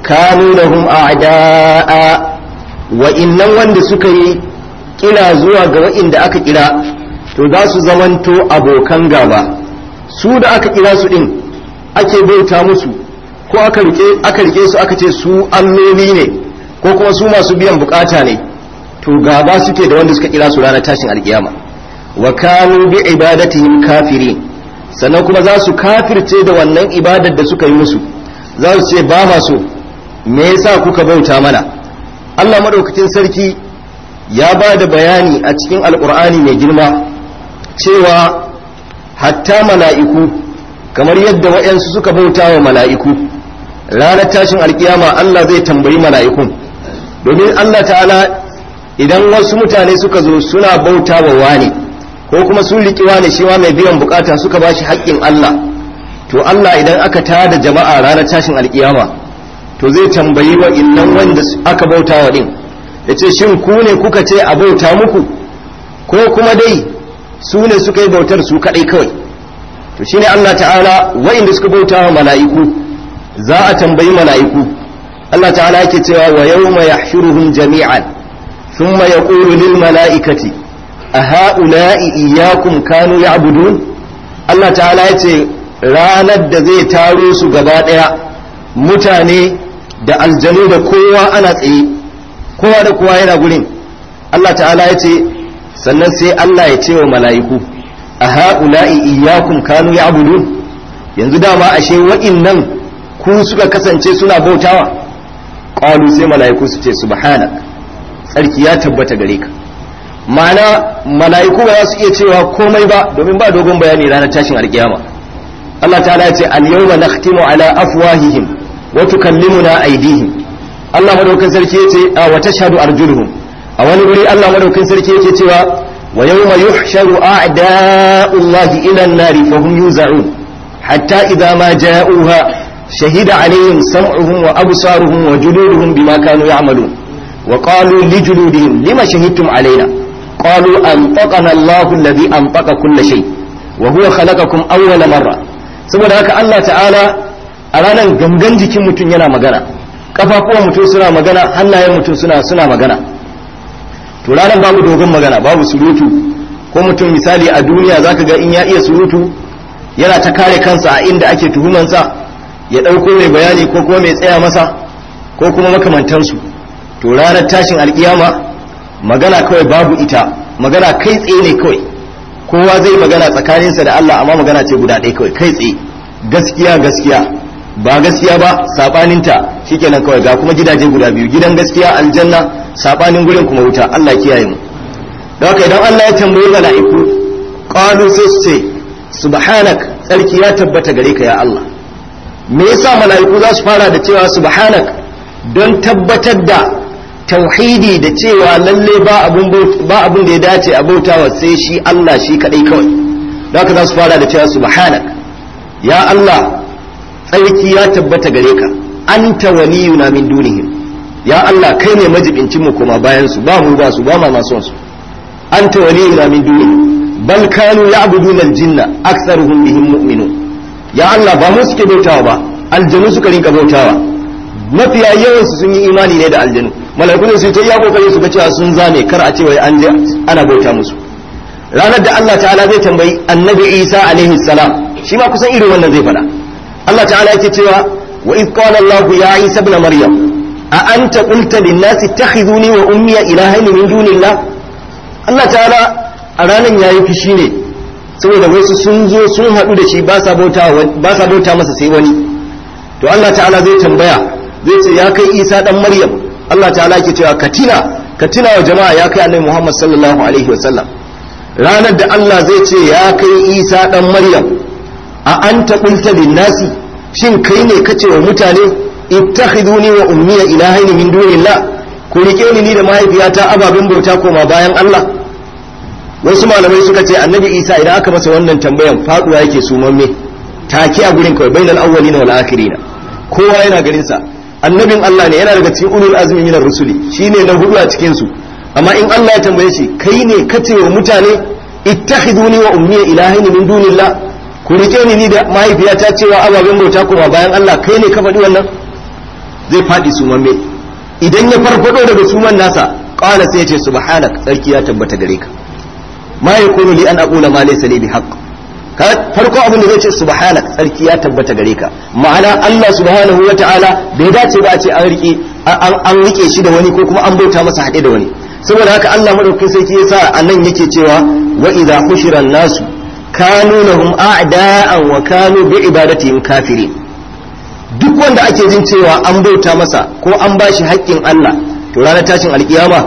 kanu lahum a'da'a wa innan wanda suka yi kira zuwa ga wa'inda aka kira to za su zamanto abokan gaba su da aka kira su din ake bauta musu ko aka rike aka rike su aka ce su alloli ne ko kuma su masu biyan bukata ne to gaba suke da wanda suka kira su ranar tashin alkiyama wa kanu bi ibadatihim kafirin sannan kuma za su kafirce da wannan ibadar da suka yi musu za su ce ba ma so me yasa kuka bauta mana Allah madaukakin sarki ya ba da bayani a cikin alkur'ani mai girma cewa hatta mala'iku kamar yadda waɗansu suka bauta wa mala'iku ranar tashin alkiyama Allah zai tambayi mala'ikun domin Allah ta'ala idan wasu mutane suka zo suna bauta wa wani ko kuma sun riƙi ne shi mai biyan bukata suka bashi haƙƙin Allah to Allah idan aka tada jama'a ranar tashin alkiyama to zai tambayi wa innan wanda aka bauta wa din yace shin ku ne kuka ce a bauta muku ko kuma dai su ne suka yi bautar su kadai kawai to shine Allah ta'ala wa'inda suka bauta wa mala'iku za a tambayi mala'iku Allah ta'ala yake cewa wa yawma yahshuruhum jami'an thumma yaqulu lil mala'ikati a ha'ula'i iyakum kanu ya'budun Allah ta'ala ya ce ranar da zai taro su gaba ɗaya mutane da aljanu da kowa ana tsaye kowa da kowa yana gurin Allah ta'ala ya ce sannan sai Allah ya ce wa mala'iku a ha'ula'i iyakum kanu ya'budun yanzu dama ashe waɗannan ku suka kasance suna bautawa qalu sai mala'iku su ce tsarki ya tabbata gare ka ma'ana mala'iku ba za su iya cewa komai ba domin ba dogon bayani ranar tashin alkiyama Allah ta ce al-yawma nakhtimu ala afwahihim wa tukallimuna aydihim Allah madaukakin sarki yace wa tashhadu arjuluhum a wani wuri Allah madaukakin sarki yake cewa wa yawma yuhsharu a'da'ullahi ila an-nari fa hum yuz'un hatta idza ma ja'uha shahida alaihim sam'uhum wa absaruhum wa juluduhum bima kanu ya'malun wa qalu li juludihim lima alaina قالوا أنطقنا الله الذي أنطق كل شيء وهو خلقكم أول مرة saboda haka Allah ta'ala a ranar gangan jikin mutum yana magana kafafuwan mutum suna magana hannayen mutum suna suna magana to ranar babu dogon magana babu surutu ko mutum misali a duniya zaka ga in ya iya surutu yana ta kare kansa a inda ake tuhumansa ya ɗauko mai bayani ko kuma mai tsaya masa ko kuma makamantansu to ranar tashin alkiyama magana kawai babu ita magana kai tsaye ne kawai kowa zai magana tsakaninsa da Allah amma magana ce guda ɗaya kawai kai tsaye gaskiya gaskiya ba gaskiya ba sabaninta shikenan kawai ga kuma gidaje guda biyu gidan gaskiya aljanna sabanin gurin kuma wuta Allah kiyaye mu don haka idan Allah ya tambayi mala'iku qalu sai subhanak tsarki ya tabbata gare ka ya Allah me yasa mala'iku za su fara da cewa subhanak don tabbatar da tauhidi da cewa lalle ba abin da ya dace a bautawa sai shi Allah shi kadai kawai da haka za su fara da cewa subhanak ya Allah tsarki ya tabbata gare ka anta waliyuna min dunihim ya Allah kai ne majibincin mu kuma bayan su ba mu ba su ba ma masu su anta waliyuna min dunihim bal kanu ya'buduna aljinna aktharuhum bihim mu'minun ya Allah ba mu suke bautawa ba aljinu suka rinka bautawa mafiya yawansu sun yi imani ne da aljanu malakun su ta iya kokari su ga cewa sun zane kar a ce an je ana bauta musu ranar da Allah ta'ala zai tambayi annabi Isa alaihi salam shi ma kusan irin wannan zai faɗa Allah ta'ala yake cewa wa iz qala Allah ya Isa ibn Maryam a anta qulta lin nas ittakhizuni wa ummi ilahaini min dunillah Allah ta'ala a ranar yayi fishi ne saboda wasu sun zo sun haɗu da shi ba sa bauta masa sai wani to Allah ta'ala zai tambaya zai ce ya kai isa dan maryam Allah ta'ala ke cewa katina katina wa jama'a ya kai annabi Muhammad sallallahu alaihi wa ranar da Allah zai ce ya kai isa dan maryam a anta qulta nasi shin kai ne kace wa mutane ittakhiduni wa ummiya ilahaini min dunillah ku rike ni ni da mahaifiyata ababen bauta koma bayan Allah wasu malamai suka ce annabi isa idan aka masa wannan tambayan faɗuwa yake sumamme take a gurin kawai bainal awwalina wal akhirina kowa yana ganin sa annabin Allah ne yana daga cikin ulul azmi minar rusuli shine na hudu a cikin su amma in Allah ya tambaye shi kai ne kace wa mutane ittakhiduni wa ummi ilahin min dunillah ku rike ni ni da mahaifiyata cewa ababen bauta kuma bayan Allah kai ne ka faɗi wannan zai faɗi mamme idan ya farfado daga suman nasa qala sai ya ce subhanak sarki ya tabbata gare ka ma yakunu li an aqula ma laysa li bihaqq farko abin da zai ce subhana tsarki ya tabbata gare ka ma'ana Allah subhanahu wa ta'ala bai dace ba a ce an rike shi da wani ko kuma an bauta masa haɗe da wani saboda haka Allah madaukakin sarki ya sa a nan yake cewa wa idza hushira nasu kanu lahum a'da'an wa kanu bi ibadatihim kafirin duk wanda ake jin cewa an bauta masa ko an bashi haƙƙin Allah to ranar tashin alkiyama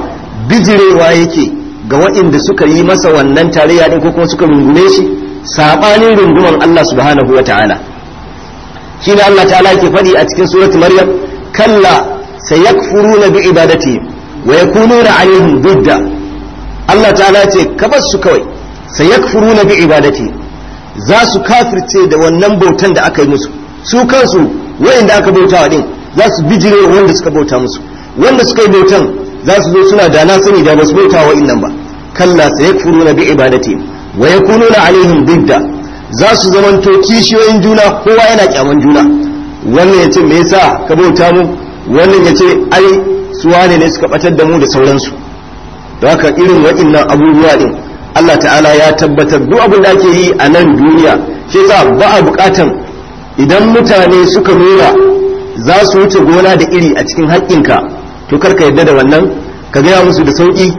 bijirewa yake ga waɗanda suka yi masa wannan tarayya din ko kuma suka rungume shi sabanin rundunar Allah subhanahu wa ta'ala shi da Allah ta'ala ke faɗi a cikin surat maryam kalla na bi ibadati wa na alihun dudda Allah ta'ala ce kabas su kawai na bi ibadati za su kafirce da wannan bautan da aka yi musu su kansu da aka wa din za su bijire wanda suka bauta musu wanda suka yi bautan za su zo suna da na sani da ba su bauta wa ba kalla na bi ibadati wa yakununa alaihim bidda za su zamanto kishiyoyin juna kowa yana kyaman juna wannan ya ce me yasa ka bauta mu wannan ya ce ai suwa ne suka batar da mu da sauransu don haka irin waɗannan abubuwa ɗin Allah ta'ala ya tabbatar duk abin da ake yi a nan duniya shi za ba a bukatan idan mutane suka nuna za su wuce gona da iri a cikin haƙƙinka to karka yadda da wannan ka gaya musu da sauƙi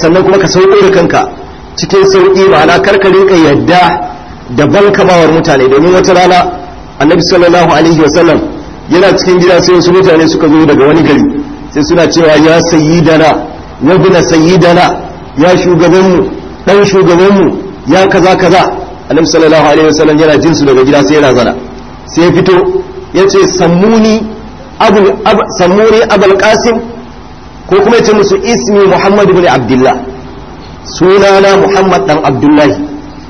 sannan kuma ka sauko da kanka cikin sauƙi ma'ana kar ka yadda da ban bankabawar mutane domin wata rana annabi sallallahu alaihi wasallam yana cikin gida sai wasu mutane suka zo daga wani gari sai suna cewa ya sayyidana wa bina sayyidana ya shugabanmu dan shugabanmu ya kaza kaza annabi sallallahu alaihi wasallam yana jinsu daga gida sai yana zana sai ya fito ya sammuni sammuni abul qasim ko kuma ya ce musu ismi muhammad ibn abdullah sunana muhammad dan abdullahi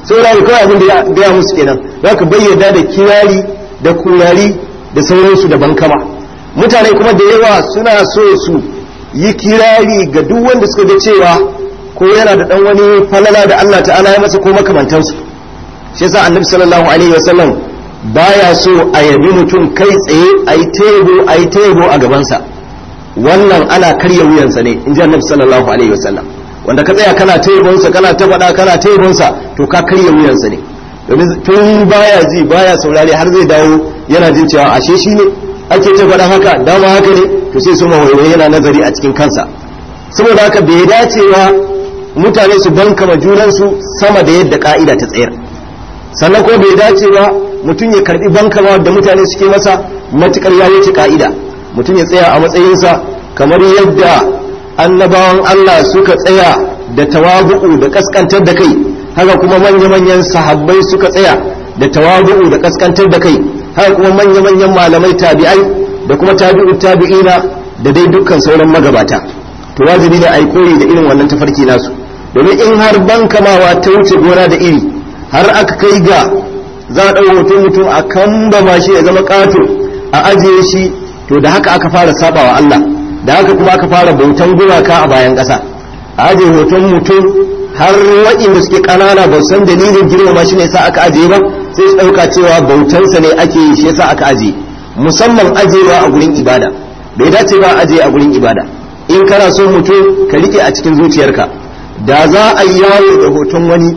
sunana kawai abin da ya musu kenan za ka bayyana da kirari da kurari da sauransu da bankama mutane kuma da yawa suna so su yi kirari ga duk wanda suka ga cewa ko yana da ɗan wani falala da Allah ta'ala ya masa ko makamantansu shi yasa annabi sallallahu alaihi wasallam baya so a yabi mutum kai tsaye a yi tebo a yi tebo a gabansa wannan ana karya wuyansa ne in ji annabi sallallahu alaihi wasallam wanda ka tsaya kana ta yabonsa kana ta faɗa kana ta yabonsa to ka karya wuyansa ne domin tun baya ji baya saurare har zai dawo yana jin cewa ashe shi ne ake ta faɗa haka dama haka ne to sai su mawaiwai yana nazari a cikin kansa saboda haka bai dacewa mutane su banka ma junansu sama da yadda ka'ida ta tsayar sannan ko bai dacewa mutum ya karbi ma da mutane suke masa matukar ya wuce ka'ida mutum ya tsaya a matsayinsa kamar yadda annabawan Allah suka tsaya da tawabu'u da kaskantar da kai haka kuma manya-manyan sahabbai suka tsaya da tawabu'u da kaskantar da kai haka kuma manya-manyan malamai tabi'ai da kuma tabi'u tabi'ina da dai dukkan sauran magabata to wajibi ne a yi koyi da irin wannan tafarki nasu domin in har ban kamawa ta wuce gona da iri har aka kai ga za a ɗau hoton mutum a kan ba shi ya zama ƙato a ajiye shi to da haka aka fara sabawa Allah da haka kuma ka fara bautan gumaka a bayan ƙasa a aje hoton mutum har da suke ƙanana ba san dalilin girmama shi ne sa aka aje ba sai su ɗauka cewa bautansa ne ake yi shi ya sa aka aje musamman ajewa a gurin ibada bai dace ba aje a gurin ibada in kana so mutum ka riƙe a cikin zuciyarka da za a yi yawo da hoton wani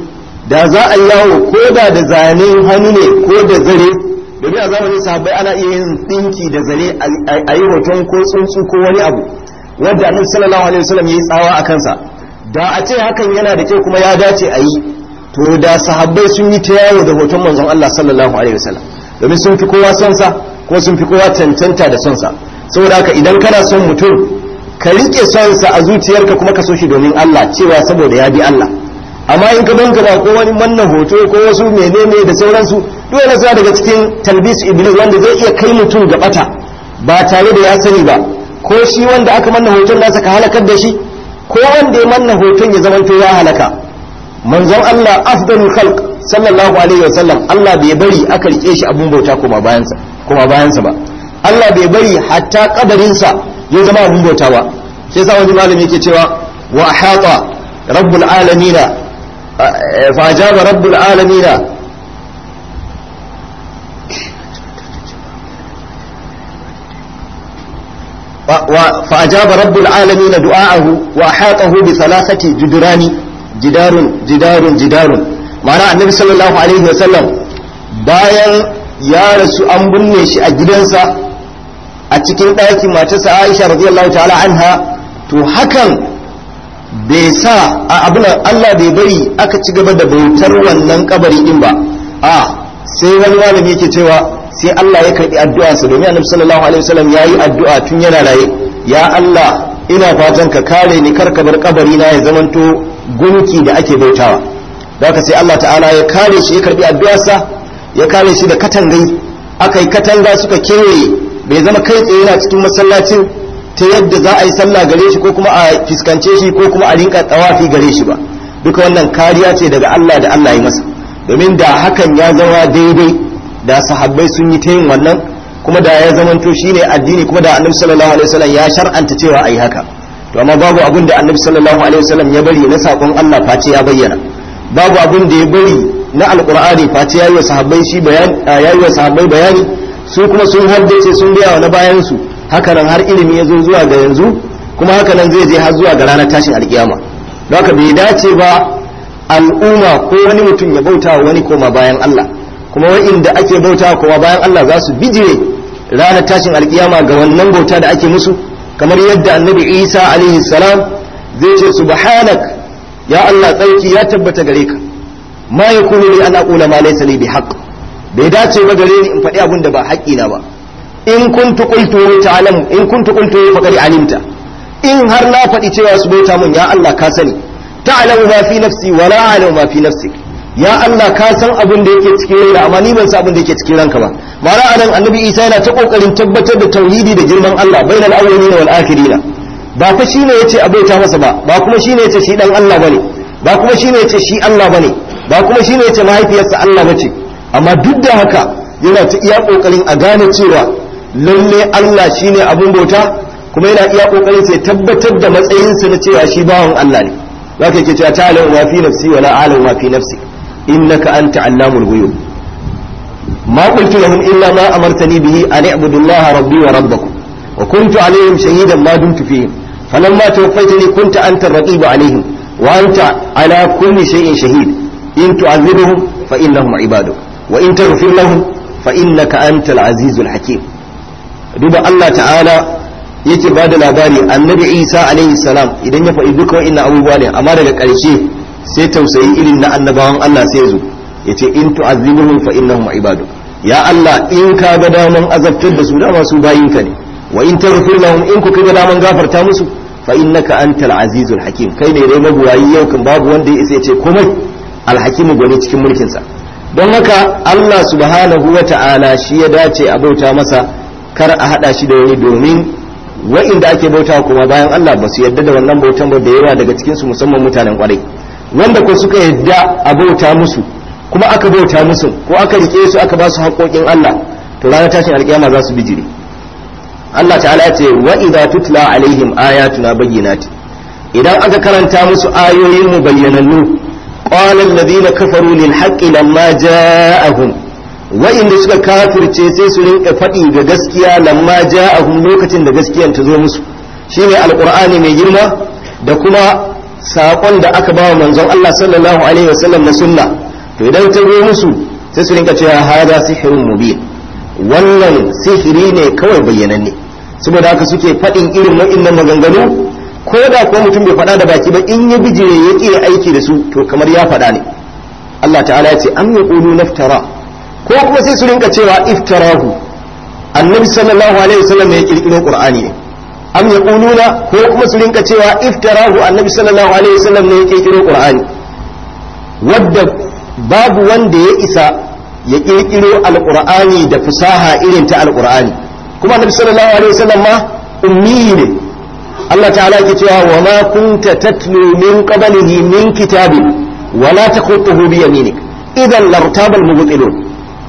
da za a yi yawo ko da da zanen hannu ne ko da zare domin a zamanin sahabbai ana iya yin dinki da zare a yi hoton ko tsuntsu ko wani abu wanda annabi sallallahu alaihi wasallam yayi tsawa a kansa da a ce hakan yana da kyau kuma ya dace a yi to da sahabbai sun yi ta yawo da hoton manzon Allah sallallahu alaihi wasallam domin sun fi kowa son sa ko sun fi kowa cancanta da son sa saboda haka idan kana son mutum ka rike son sa a zuciyarka kuma ka so shi domin Allah cewa saboda ya bi Allah amma in ka banka ba ko wani manna hoto ko wasu menene da sauransu duk yana zuwa daga cikin talbis iblis wanda zai iya kai mutum ga bata ba tare da ya sani ba ko shi wanda aka manna hoton da saka halakar da shi ko wanda ya manna hoton ya zamanto ya halaka manzon Allah afdalul khalq sallallahu alaihi wasallam Allah bai bari aka rike shi abun bauta kuma bayansa kuma bayansa ba Allah bai bari hatta sa ya zama abun bauta ba sai sa wani malami yake cewa wa ahata rabbul alamin fa ajaba rabbul alamin فأجاب رب العالمين دعاءه وأحاطه بثلاثة جدران جدار جدار جدار معنى النبي صلى الله عليه وسلم bayan ya rasu an binne shi a gidansa a cikin ɗakin matarsa Aisha radiyallahu ta'ala anha to hakan bai sa a abin Allah bai bari aka ci gaba da bautar wannan kabari din ba sai wani malami yake cewa sai Allah ya karbi addu'arsa domin annabi sallallahu alaihi wasallam yayi addu'a tun yana raye ya Allah ina fatan ka kare ni kar ka bar kabari na ya zamanto gunki da ake bautawa haka sai Allah ta'ala ya kare shi ya karbi addu'arsa ya kare shi da katangai akai katanga suka kewaye bai zama kai tsaye yana cikin masallacin ta yadda za a yi sallah gare shi ko kuma a fiskance shi ko kuma a rinka tsawafi gare shi ba duka wannan kariya ce daga Allah da Allah ya masa domin da hakan ya zama daidai da sahabbai sun yi ta yin wannan kuma da ya zamanto ne addini kuma da annabi sallallahu alaihi wasallam ya shar'anta cewa ayi haka to amma babu abin da annabi sallallahu alaihi wasallam ya bari na sakon Allah face ya bayyana babu abin da ya bari na alqur'ani face ya yi wa sahabbai shi bayani ya yi wa sahabbai bayani su kuma sun haddace sun biya wa na bayan su haka nan har ilimi ya zo zuwa ga yanzu kuma haka nan zai je har zuwa ga ranar tashin alkiyama don haka bai dace ba al'umma ko wani mutum ya bauta wani koma bayan Allah kuma wa'inda ake bauta kuma bayan Allah za su bijire ranar tashin alkiyama ga wannan bauta da ake musu kamar yadda annabi isa alaihi salam zai ce subhanak ya Allah tsarki ya tabbata gare ka ma yakunu li an aqula ma bai dace ba gare ni in faɗi abin da ba haƙƙi na ba in kuntu qultu ta'lamu in kuntu qultu faƙari alimta in har na faɗi cewa su bauta mun ya Allah ka sani ta'alamu ma fi nafsi a'lamu ma fi nafsika ya Allah ka san abin da yake cikin raina amma ni ban san abin da yake cikin ranka ba mara anan annabi Isa yana ta kokarin tabbatar da tauhidi da girman Allah bainal awwalina wal akhirina ba fa shine yace ta masa ba ba kuma shine yace shi dan Allah bane ba kuma shine yace shi Allah bane ba kuma shine yace mahaifiyarsa Allah bace amma duk da haka yana ta iya kokarin a gane cewa lalle Allah shine abin bauta kuma yana iya kokarin sai tabbatar da matsayinsa na cewa shi bawan Allah ne zaka yake cewa ta'ala ma fi nafsi wala alim ma fi nafsi innaka anta allamul ghuyub ma qultu illa ma amartani bihi an a'budullaha rabbi wa rabbakum wa kuntu alaihim shahidan ma dumtu fihim falamma tawaffaytani kunta anta ar-raqib alaihim wa anta ala kulli shay'in shahid in tu'adhibuhum fa innahum ibaduk wa in taghfir lahum fa innaka anta al-azizul hakim duba Allah ta'ala yake bada labari annabi Isa alaihi salam idan ya faɗi duka wa'annan abubuwa ne amma daga karshe. sai tausayi irin na annabawan Allah sai zo ya ce in tu'azzibuhum fa innahum ibadu ya Allah in ka ga daman azabtar da su dama su bayinka ne wa in taghfir lahum in ku ga daman gafarta musu fa innaka antal azizul hakim kai ne dai mabuwayi yau kan babu wanda ya isa ce komai alhakimu gwani cikin mulkin sa. don haka Allah subhanahu wa ta'ala shi ya dace a bauta masa kar a hada shi da wani domin wa'inda ake bauta kuma bayan Allah ba su yarda da wannan bautan ba da yawa daga cikin su musamman mutanen kwarai wanda ko suka yadda a bauta musu kuma aka bauta musu ko aka rike su aka ba su haƙoƙin Allah to ranar tashin alƙiyama za su bijire Allah ta'ala ya ce wa idza tutla alaihim ayatuna bayyinati idan aka karanta musu ayoyin mu bayyanannu qala alladhina kafaru lil haqqi lamma ja'ahum wa'inda suka kafirce sai su rinka faɗi ga gaskiya lamma ja'ahum lokacin da gaskiyan ta zo musu shine alqur'ani mai girma da kuma sakon da aka ba wa manzon Allah sallallahu alaihi wasallam na sunna to idan ta zo musu sai su rinka cewa hada sihirun mubin wannan sihiri ne kawai bayyananne saboda haka suke faɗin irin wa'innan maganganu ko da kuma mutum bai faɗa da baki ba in ya bijire ya ƙi aiki da su to kamar ya faɗa ne Allah ta'ala ya ce am yaqulu naftara ko kuma sai su rinka cewa iftarahu annabi sallallahu alaihi wasallam ya kirkiro qur'ani ne am yaquluna ko kuma su rinka cewa iftarahu annabi sallallahu alaihi wasallam ne ya kiro qur'ani wadda babu wanda ya isa ya kirkiro alqur'ani da fusaha irin ta alqur'ani kuma annabi sallallahu alaihi wasallam ma ummi ne Allah ta'ala ke cewa wa ma kunta tatlu min qablihi min kitabin la تخطه bi yaminik idan lartabal mubtilun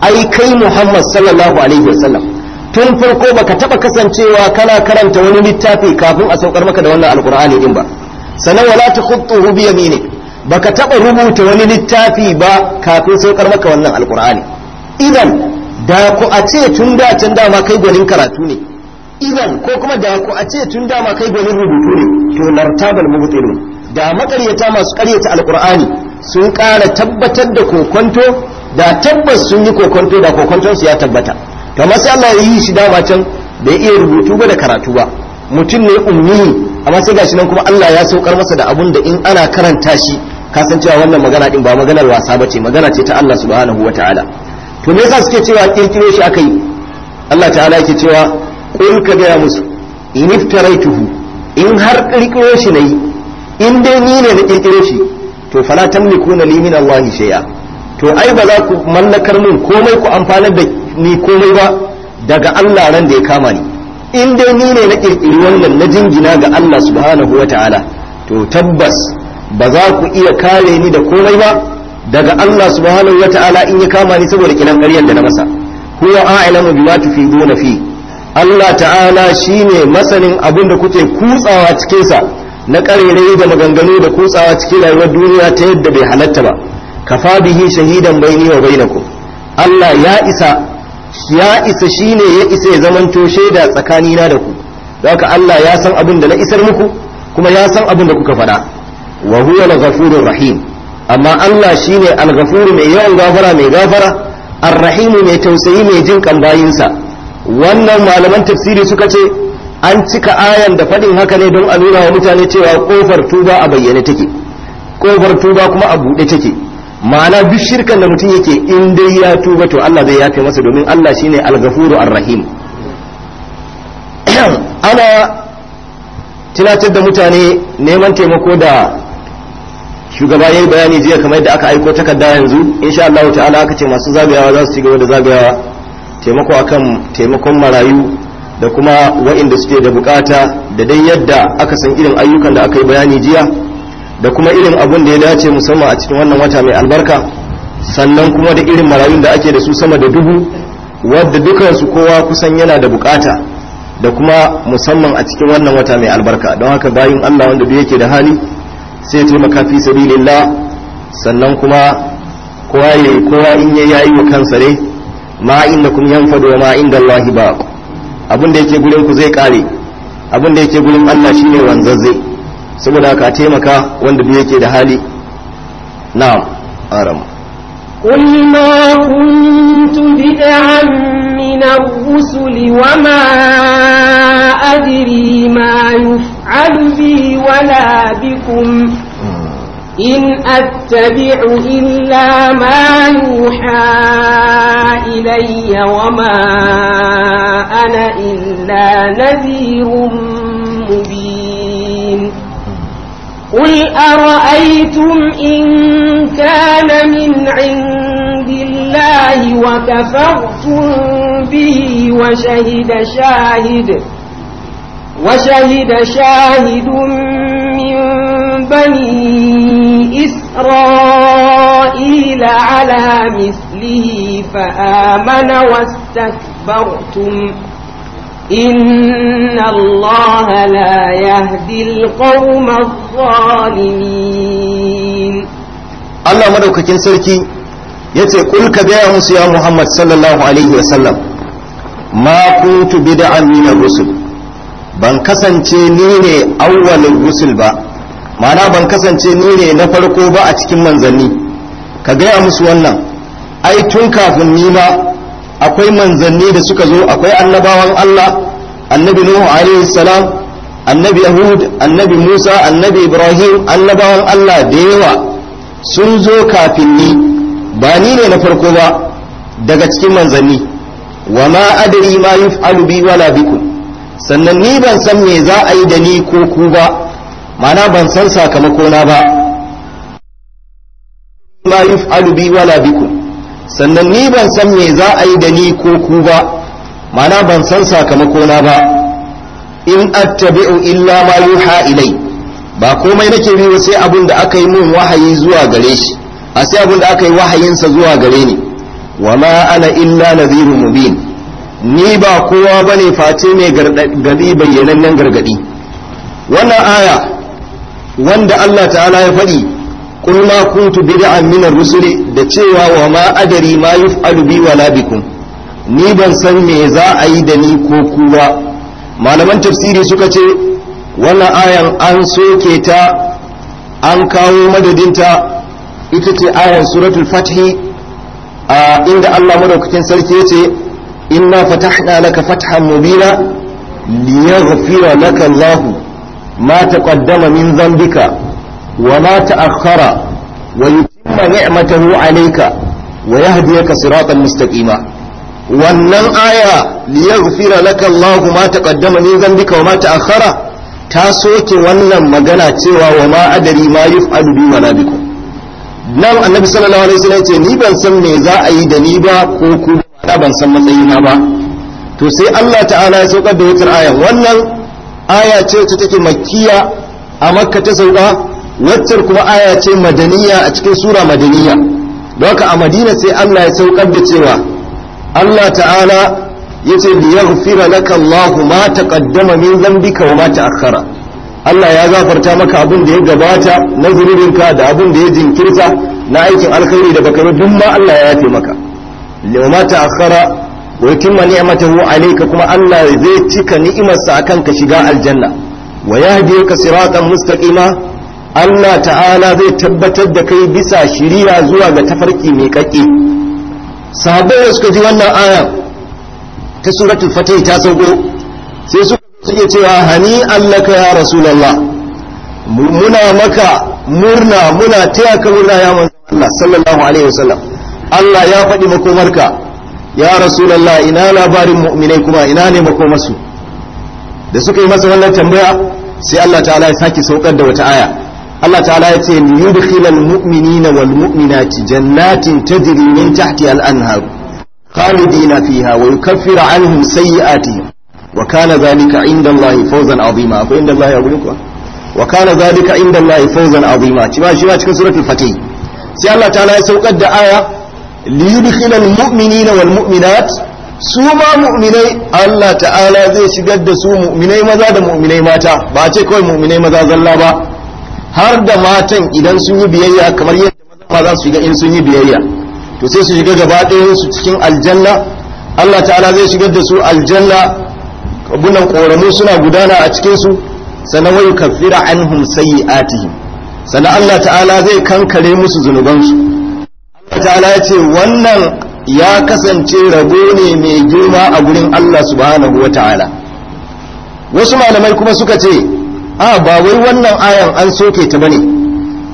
ai kai muhammad sallallahu alaihi wasallam tun farko baka taba kasancewa kana karanta wani littafi kafin a saukar maka da wannan alkur'ani din ba sanan wala takhutuhu bi ba baka taba rubuta wani littafi ba kafin saukar maka wannan alkur'ani idan da ku a ce tun da can dama kai gwanin karatu ne idan ko kuma da ku a ce tun dama kai gwanin rubutu ne to lartabal mubtilun da makaryata masu karyata alkur'ani sun kara tabbatar da kokonto da tabbas sun yi kokonto da kokonton su ya tabbata ka amma sai Allah ya yi shi dama can bai iya rubutu ba da karatu ba mutum ne ummi amma sai gashi nan kuma Allah ya saukar masa da abun da in ana karanta shi kasancewa cewa wannan magana din ba maganar wasa bace magana ce ta Allah subhanahu wataala to me yasa suke cewa kirkiro shi aka yi Allah ta'ala yake cewa qul ka ga musu in iftaraituhu in har kirkiro shi nayi in dai ni ne na kirkiro shi to fala tamlikuna li min Allah shay'a to ai ba za ku mallakar min komai ku amfanar da ni komai ba daga Allah ran da ya kama ni in dai ni ne na kirkiri wannan na jingina ga Allah subhanahu wa ta'ala to tabbas ba za ku iya kare ni da komai ba daga Allah subhanahu wa ta'ala in ya kama ni saboda kinan ƙaryar da na masa huwa a'lamu bima tufiduna fi Allah ta'ala shine masanin abin da kuke kutsawa cikin sa na ƙarerai da maganganu da kutsawa cikin rayuwar duniya ta yadda bai halatta ba kafa bihi shahidan baini wa bainakum Allah ya isa ya isa shi ne ya isa ya zamanto shaida tsakanina da ku don haka Allah ya san abin da na isar muku kuma ya san abin da kuka faɗa wa huwa al-ghafurur rahim amma Allah shi ne al-ghafur mai yawan gafara mai gafara ar-rahim mai tausayi mai jin kan bayinsa wannan malaman tafsiri suka ce an cika ayan da faɗin haka ne don a nuna wa mutane cewa kofar tuba a bayyane take kofar tuba kuma a buɗe take ma'ana duk shirkan da mutum yake in dai ya tuba to Allah zai yafe masa domin Allah shine al-ghafuru ar-rahim ana tunatar da mutane neman taimako da shugaba bayani jiya kamar yadda aka aiko takarda yanzu insha Allah ta'ala aka ce masu zagayawa za su ci gaba da zagayawa taimako akan taimakon marayu da kuma wa'inda suke da bukata da dai yadda aka san irin ayyukan da aka yi bayani jiya da kuma irin abun da ya dace musamman a cikin wannan wata mai albarka sannan kuma da irin marayun da ake da su sama da dubu wadda dukansu kowa kusan yana da bukata da kuma musamman a cikin wannan wata mai albarka don haka bayin Allah wanda duk yake da hali sai taimaka fi sabilillah sannan kuma kowa ya kowa in ya yayi wa kansa ne ma innakum yanfadu ma inda Allah ba abin da yake gurin ku zai kare abin da yake gurin Allah shine wanzazzai saboda ka taimaka wanda duk yake da hali na'am aram قل ما كنت بدعا من الرسل وما أدري ما يفعل بي ولا بكم إن أتبع إلا ما يوحى إلي وما أنا إلا نذير مبين قل أرأيتم إن كان من عند الله وكفرتم به وشهد شاهد وشهد شاهد من بني إسرائيل على مثله فآمن واستكبرتم إن الله لا يهدي القوم الظالمين الله مدوكاكين سركي yace kul ka gaya musu ya Muhammad sallallahu alaihi wasallam ma kuntu bid'an min rusul ban kasance ni ne awwalul rusul ba ma'ana ban kasance ni ne na farko ba a cikin manzanni ka gaya musu wannan ai tun kafin ni ma akwai manzanni da suka zo akwai annabawan Allah annabi Nuhu alaihi salam annabi Yahud annabi Musa annabi Ibrahim annabawan Allah da yawa sun zo kafin ni ba ni ne na farko ba daga cikin manzanni wa ma adri ma yuf'alu bi wala bikum sannan ni ban san me za a yi da ni ko ku ba mana ban san sakamakona ba ma yuf'alu bi wala bikum sannan ni ban san me za a yi da ni ko ku ba mana ban san sakamakona ba in attabi'u illa ma yuha ilai ba komai nake bi sai abin da aka yi min wahayi zuwa gare shi a sai abin da aka yi wahayinsa zuwa gare ni wa ma ana illa nadhirun mubin ni ba kowa bane face mai gargadi bayyanannen gargadi wannan aya wanda Allah ta'ala ya faɗi qul ma kuntu bid'an min ar-rusul da cewa wa ma adari ma yuf'alu bi wala bikum ni ban san me za a yi da ni ko kuwa ba malaman tafsiri suka ce wannan ayan an soke ta an kawo madadinta ita ce ayan suratul fathi a inda Allah madaukakin sarki ya ce inna fatahna laka fathan mubina liyaghfira laka Allah ma taqaddama min dhanbika وما تأخر ويتم نعمته عليك ويهديك صراطا مستقيما wannan aya liyaghfira laka Allah ma taqaddama min dhanbika wa ma ta'akhkhara ta soke wannan magana cewa wa ma adari ma yuf'alu bi wala bikum nan annabi sallallahu alaihi wasallam ce ni ban san me za a yi da ni ba ko ku ba ban san matsayina ba to sai Allah ta'ala ya saukar da wutar aya. wannan aya ce ta take makkiya a makka ta sauka waccar kuma aya ce madaniya a cikin sura madaniya don haka a madina sai Allah ya saukar da cewa Allah ta'ala ya ce liyaghfira laka Allahu ma taqaddama min dhanbika wa ma akara. Allah ya gafarta maka abin da ya gabata na ka da abin da ya jinkirta na aikin alkhairi da baka duk ma Allah ya yafe maka wa ma ta'akhkhara wa yutimma ni'matahu kuma Allah zai cika ni'imarsa akan ka shiga aljanna wa ka siratan mustaqima Allah ta'ala zai tabbatar da kai bisa shiriya zuwa ga tafarki mai kake sahabbai da suka ji wannan aya ta suratul fatih ta sauko sai suka suke cewa hani allaka ya rasulullah muna maka murna muna taya ka murna ya Allah sallallahu alaihi wasallam Allah ya faɗi makomarka ya rasulullah ina labarin mu'minai kuma ina ne makomarsu da suka yi masa wannan tambaya sai Allah ta'ala ya sake saukar da wata aya Allah ta'ala ya ce li yudkhilal mu'minina wal mu'minati jannatin tajri min tahtiha al anhar khalidina fiha wa yukaffiru anhum sayyi'atihim wa kana dhalika inda Allah fawzan azima akwai inda Allah ya gurin ku wa kana dhalika inda Allah fawzan azima shi ba shi ba cikin suratul fatih sai Allah ta'ala ya saukar da aya li yudkhilal mu'minina wal mu'minat su ma mu'minai Allah ta'ala zai shigar da su mu'minai maza da mu'minai mata ba ce kawai mu'minai maza zalla ba har da matan idan sun yi biyayya kamar yadda maza za su shiga in sun yi biyayya to sai su shiga gaba ɗaya su cikin aljanna Allah ta'ala zai shigar da su aljanna abunan koramu suna gudana a cikin su sannan wayu kafira anhum sayyi'atihim sannan Allah ta'ala zai kankare musu zunubansu Allah ta'ala ya ce wannan ya kasance rabo ne mai girma a gurin Allah subhanahu wa ta'ala wasu malamai kuma suka ce a ba wai wannan ayan an soke ta bane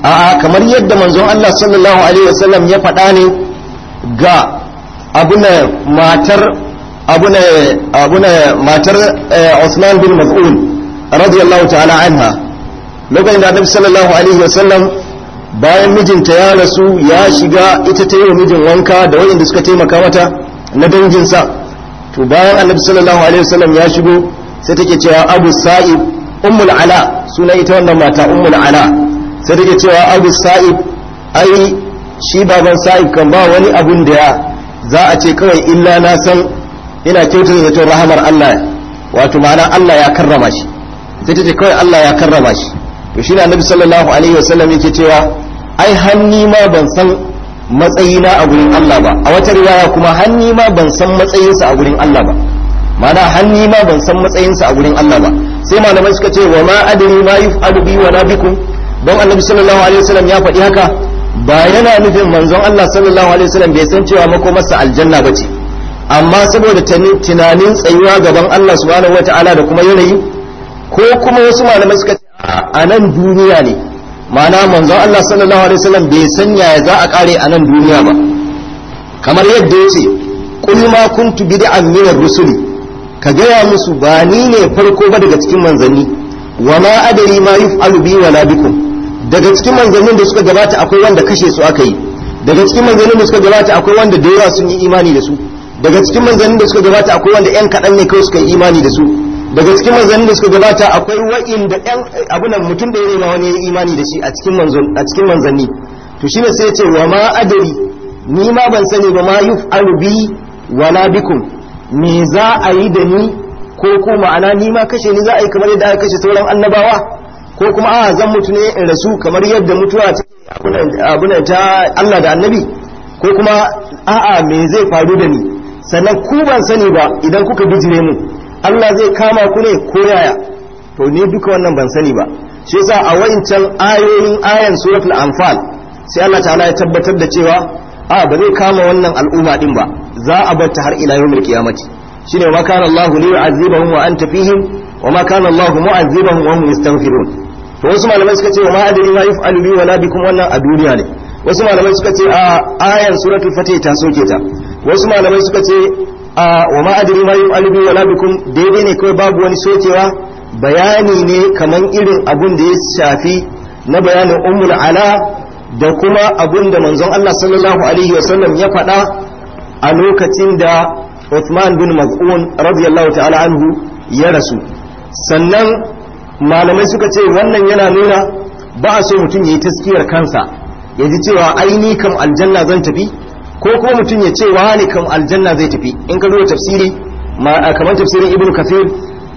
a kamar yadda manzon Allah sallallahu alaihi wasallam ya faɗa ne ga abuna matar abuna abuna matar eh, Usman bin Maz'un radiyallahu ta'ala anha lokacin da Annabi sallallahu alaihi wasallam bayan mijinta ya rasu ya shiga ita ta yi wa mijin wanka da wayanda suka taimaka mata na danginsa to bayan annabi sallallahu alaihi wasallam ya shigo sai take cewa abu Sa'id ummul ala suna ita wannan mata ummul ala sai take cewa abu sa'ib ai shi baban sa'ib kan ba wani abun da ya za a ce kawai illa na san ina da zaton rahamar Allah wato ma'ana Allah ya karrama shi sai ta ce kawai Allah ya karrama shi to shi na nabi sallallahu alaihi wasallam yake cewa ai hanni ma ban san matsayina a gurin Allah ba a wata riwaya kuma hanni ma ban san matsayinsa a gurin Allah ba ma'ana hanni ma ban san matsayinsa a gurin Allah ba sai malamai suka ce wa ma adri ma yuf'alu bi wa bikum don annabi sallallahu alaihi wasallam ya faɗi haka ba yana nufin manzon Allah sallallahu alaihi wasallam bai san cewa makomarsa aljanna ce. amma saboda tunanin tsayuwa gaban Allah subhanahu wataala da kuma yanayi ko kuma wasu malamai suka ce a nan duniya ne ma'ana manzon Allah sallallahu alaihi wasallam bai san yaya za a kare a nan duniya ba kamar yadda yace qul ma kuntu bid'an min ar-rusuli ka gaya musu ba ni ne farko ba daga cikin manzanni wa adari ma yuf'alu bi wala bikum daga cikin manzannin da suka gabata akwai wanda kashe su aka yi daga cikin manzannin da suka gabata akwai wanda da yawa sun yi imani da su daga cikin manzannin da suka gabata akwai wanda yan kaɗan ne kawai suka yi imani da su daga cikin manzannin da suka gabata akwai wa'in da yan abun nan mutum da ya nema wani ya yi imani da shi a cikin manzon a cikin manzanni to shine sai ya ce wa ma adari ni ma ban sani ba ma yuf'alu bi wala bikum me za a yi da ni ko ko ma'ana ni ma kashe ni za a yi kamar yadda aka kashe sauran annabawa ko kuma a zan mutu ne in rasu kamar yadda mutuwa ce abuna ta Allah da annabi ko kuma a'a me zai faru da ni sannan ku ban sani ba idan kuka bijire mu Allah zai kama ku ne ko yaya to ni duka wannan ban sani ba shi yasa a wayancan ayoyin ayan suratul anfal sai Allah ta'ala ya tabbatar da cewa a ba zai kama wannan al'umma din ba za a bata har ila yawmil qiyamati shine wa kana Allah a yu'azzibahum wa an tafihin? wa ma mu a mu'azzibahum wa hum yastaghfirun to wasu malamai suka ce wa ma adri ma yaf'alu bi wala bikum wannan a duniya ne wasu malamai suka ce a ayar suratul fatih ta soke ta wasu malamai suka ce a wa ma adri ma yaf'alu bi wala bikum daidai ne kawai babu wani sokewa bayani ne kaman irin abun da ya shafi na bayanin ummul ala da kuma abun da manzon Allah sallallahu alaihi wasallam ya faɗa a lokacin da Uthman bin Maz'un radiyallahu ta'ala anhu ya rasu sannan malamai suka ce wannan yana nuna ba a so mutum ya yi taskiyar kansa ya ji cewa ni kam aljanna zan tafi ko kuma mutum ya ce ni kam aljanna zai tafi in ka zo tafsiri kamar tafsirin ibnu kafir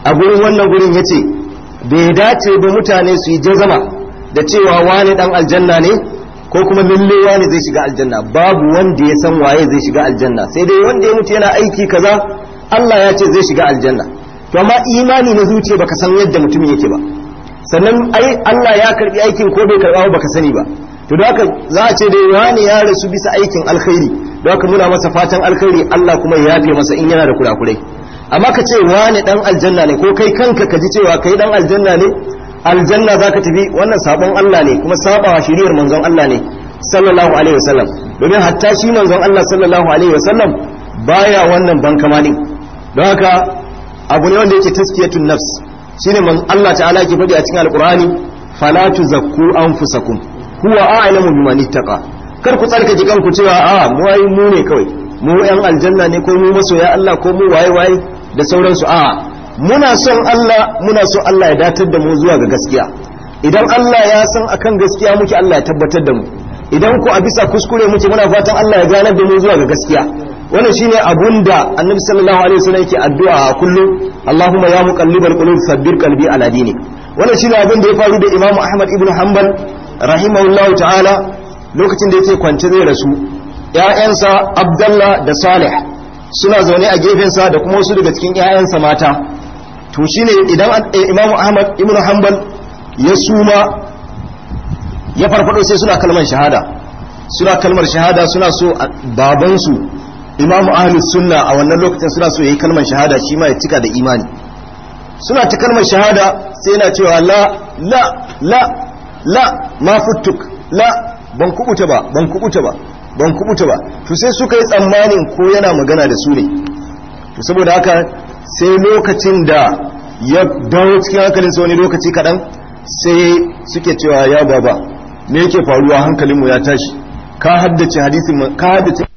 a gurin wannan gurin ya ce bai dace ba mutane su yi jazama da cewa wani dan aljanna ne ko kuma lalle wani zai shiga aljanna babu wanda ya san waye zai shiga aljanna sai dai wanda ya mutu yana aiki kaza Allah ya ce zai shiga aljanna to amma imani na zuciya baka san yadda mutum yake ba sannan ai Allah ya karbi aikin ko bai karba baka sani ba to da haka za a ce dai wani ya rasu bisa aikin alkhairi da haka muna masa fatan alkhairi Allah kuma ya yafe masa in yana da kurakurai amma ka ce wani dan aljanna ne ko kai kanka ka ji cewa kai dan aljanna ne aljanna za ka tafi wannan sabon Allah ne kuma sabawa shiriyar manzon Allah ne sallallahu alaihi wasallam domin hatta shi manzon Allah sallallahu alaihi wasallam baya wannan bankama kamani. don haka abu ne wanda yake tazkiyatun nafs shine man Allah ta'ala ke faɗi a cikin alqur'ani fala tuzakku anfusakum huwa a'lamu bima nittaqa kar ku tsarka jikan ku cewa a mu ai mu ne kawai mu yan aljanna ne ko mu masoya Allah ko mu waye waye da sauransu a muna son Allah muna son Allah ya datar da mu zuwa ga gaskiya idan Allah ya san akan gaskiya muke Allah ya tabbatar da mu idan ku a bisa kuskure muke muna fatan Allah ya ganar da mu zuwa ga gaskiya wannan shine abun da Annabi sallallahu alaihi wasallam yake addu'a a kullum Allahumma ya muqallibal qulub sabbir qalbi ala dinik wannan shine abin da ya faru da Imam Ahmad ibn Hanbal rahimahullahu ta'ala lokacin da yake kwance zai rasu ƴaƴansa Abdullah da Salih suna zaune a gefensa da kuma wasu daga cikin ƴaƴansa mata to ne idan eh, imamu ahmad ibn hanbal ya suma ya farfado sai suna kalmar shahada suna kalmar shahada suna so babansu imamu ahlus sunna a wannan lokacin suna so ya yayi kalmar shahada shi ma ya cika da imani suna ta kalmar shahada sai yana cewa la la la la ma futtuk la ban kubuta ba ban kubuta ba ban kubuta ba to sai suka yi tsammanin ko yana magana da su ne to saboda haka sai lokacin da ya dawo cikin hankalin sa wani lokaci kaɗan sai suke cewa ya baba me yake faruwa hankalinmu ya tashi ka haddace hadisin ka haddace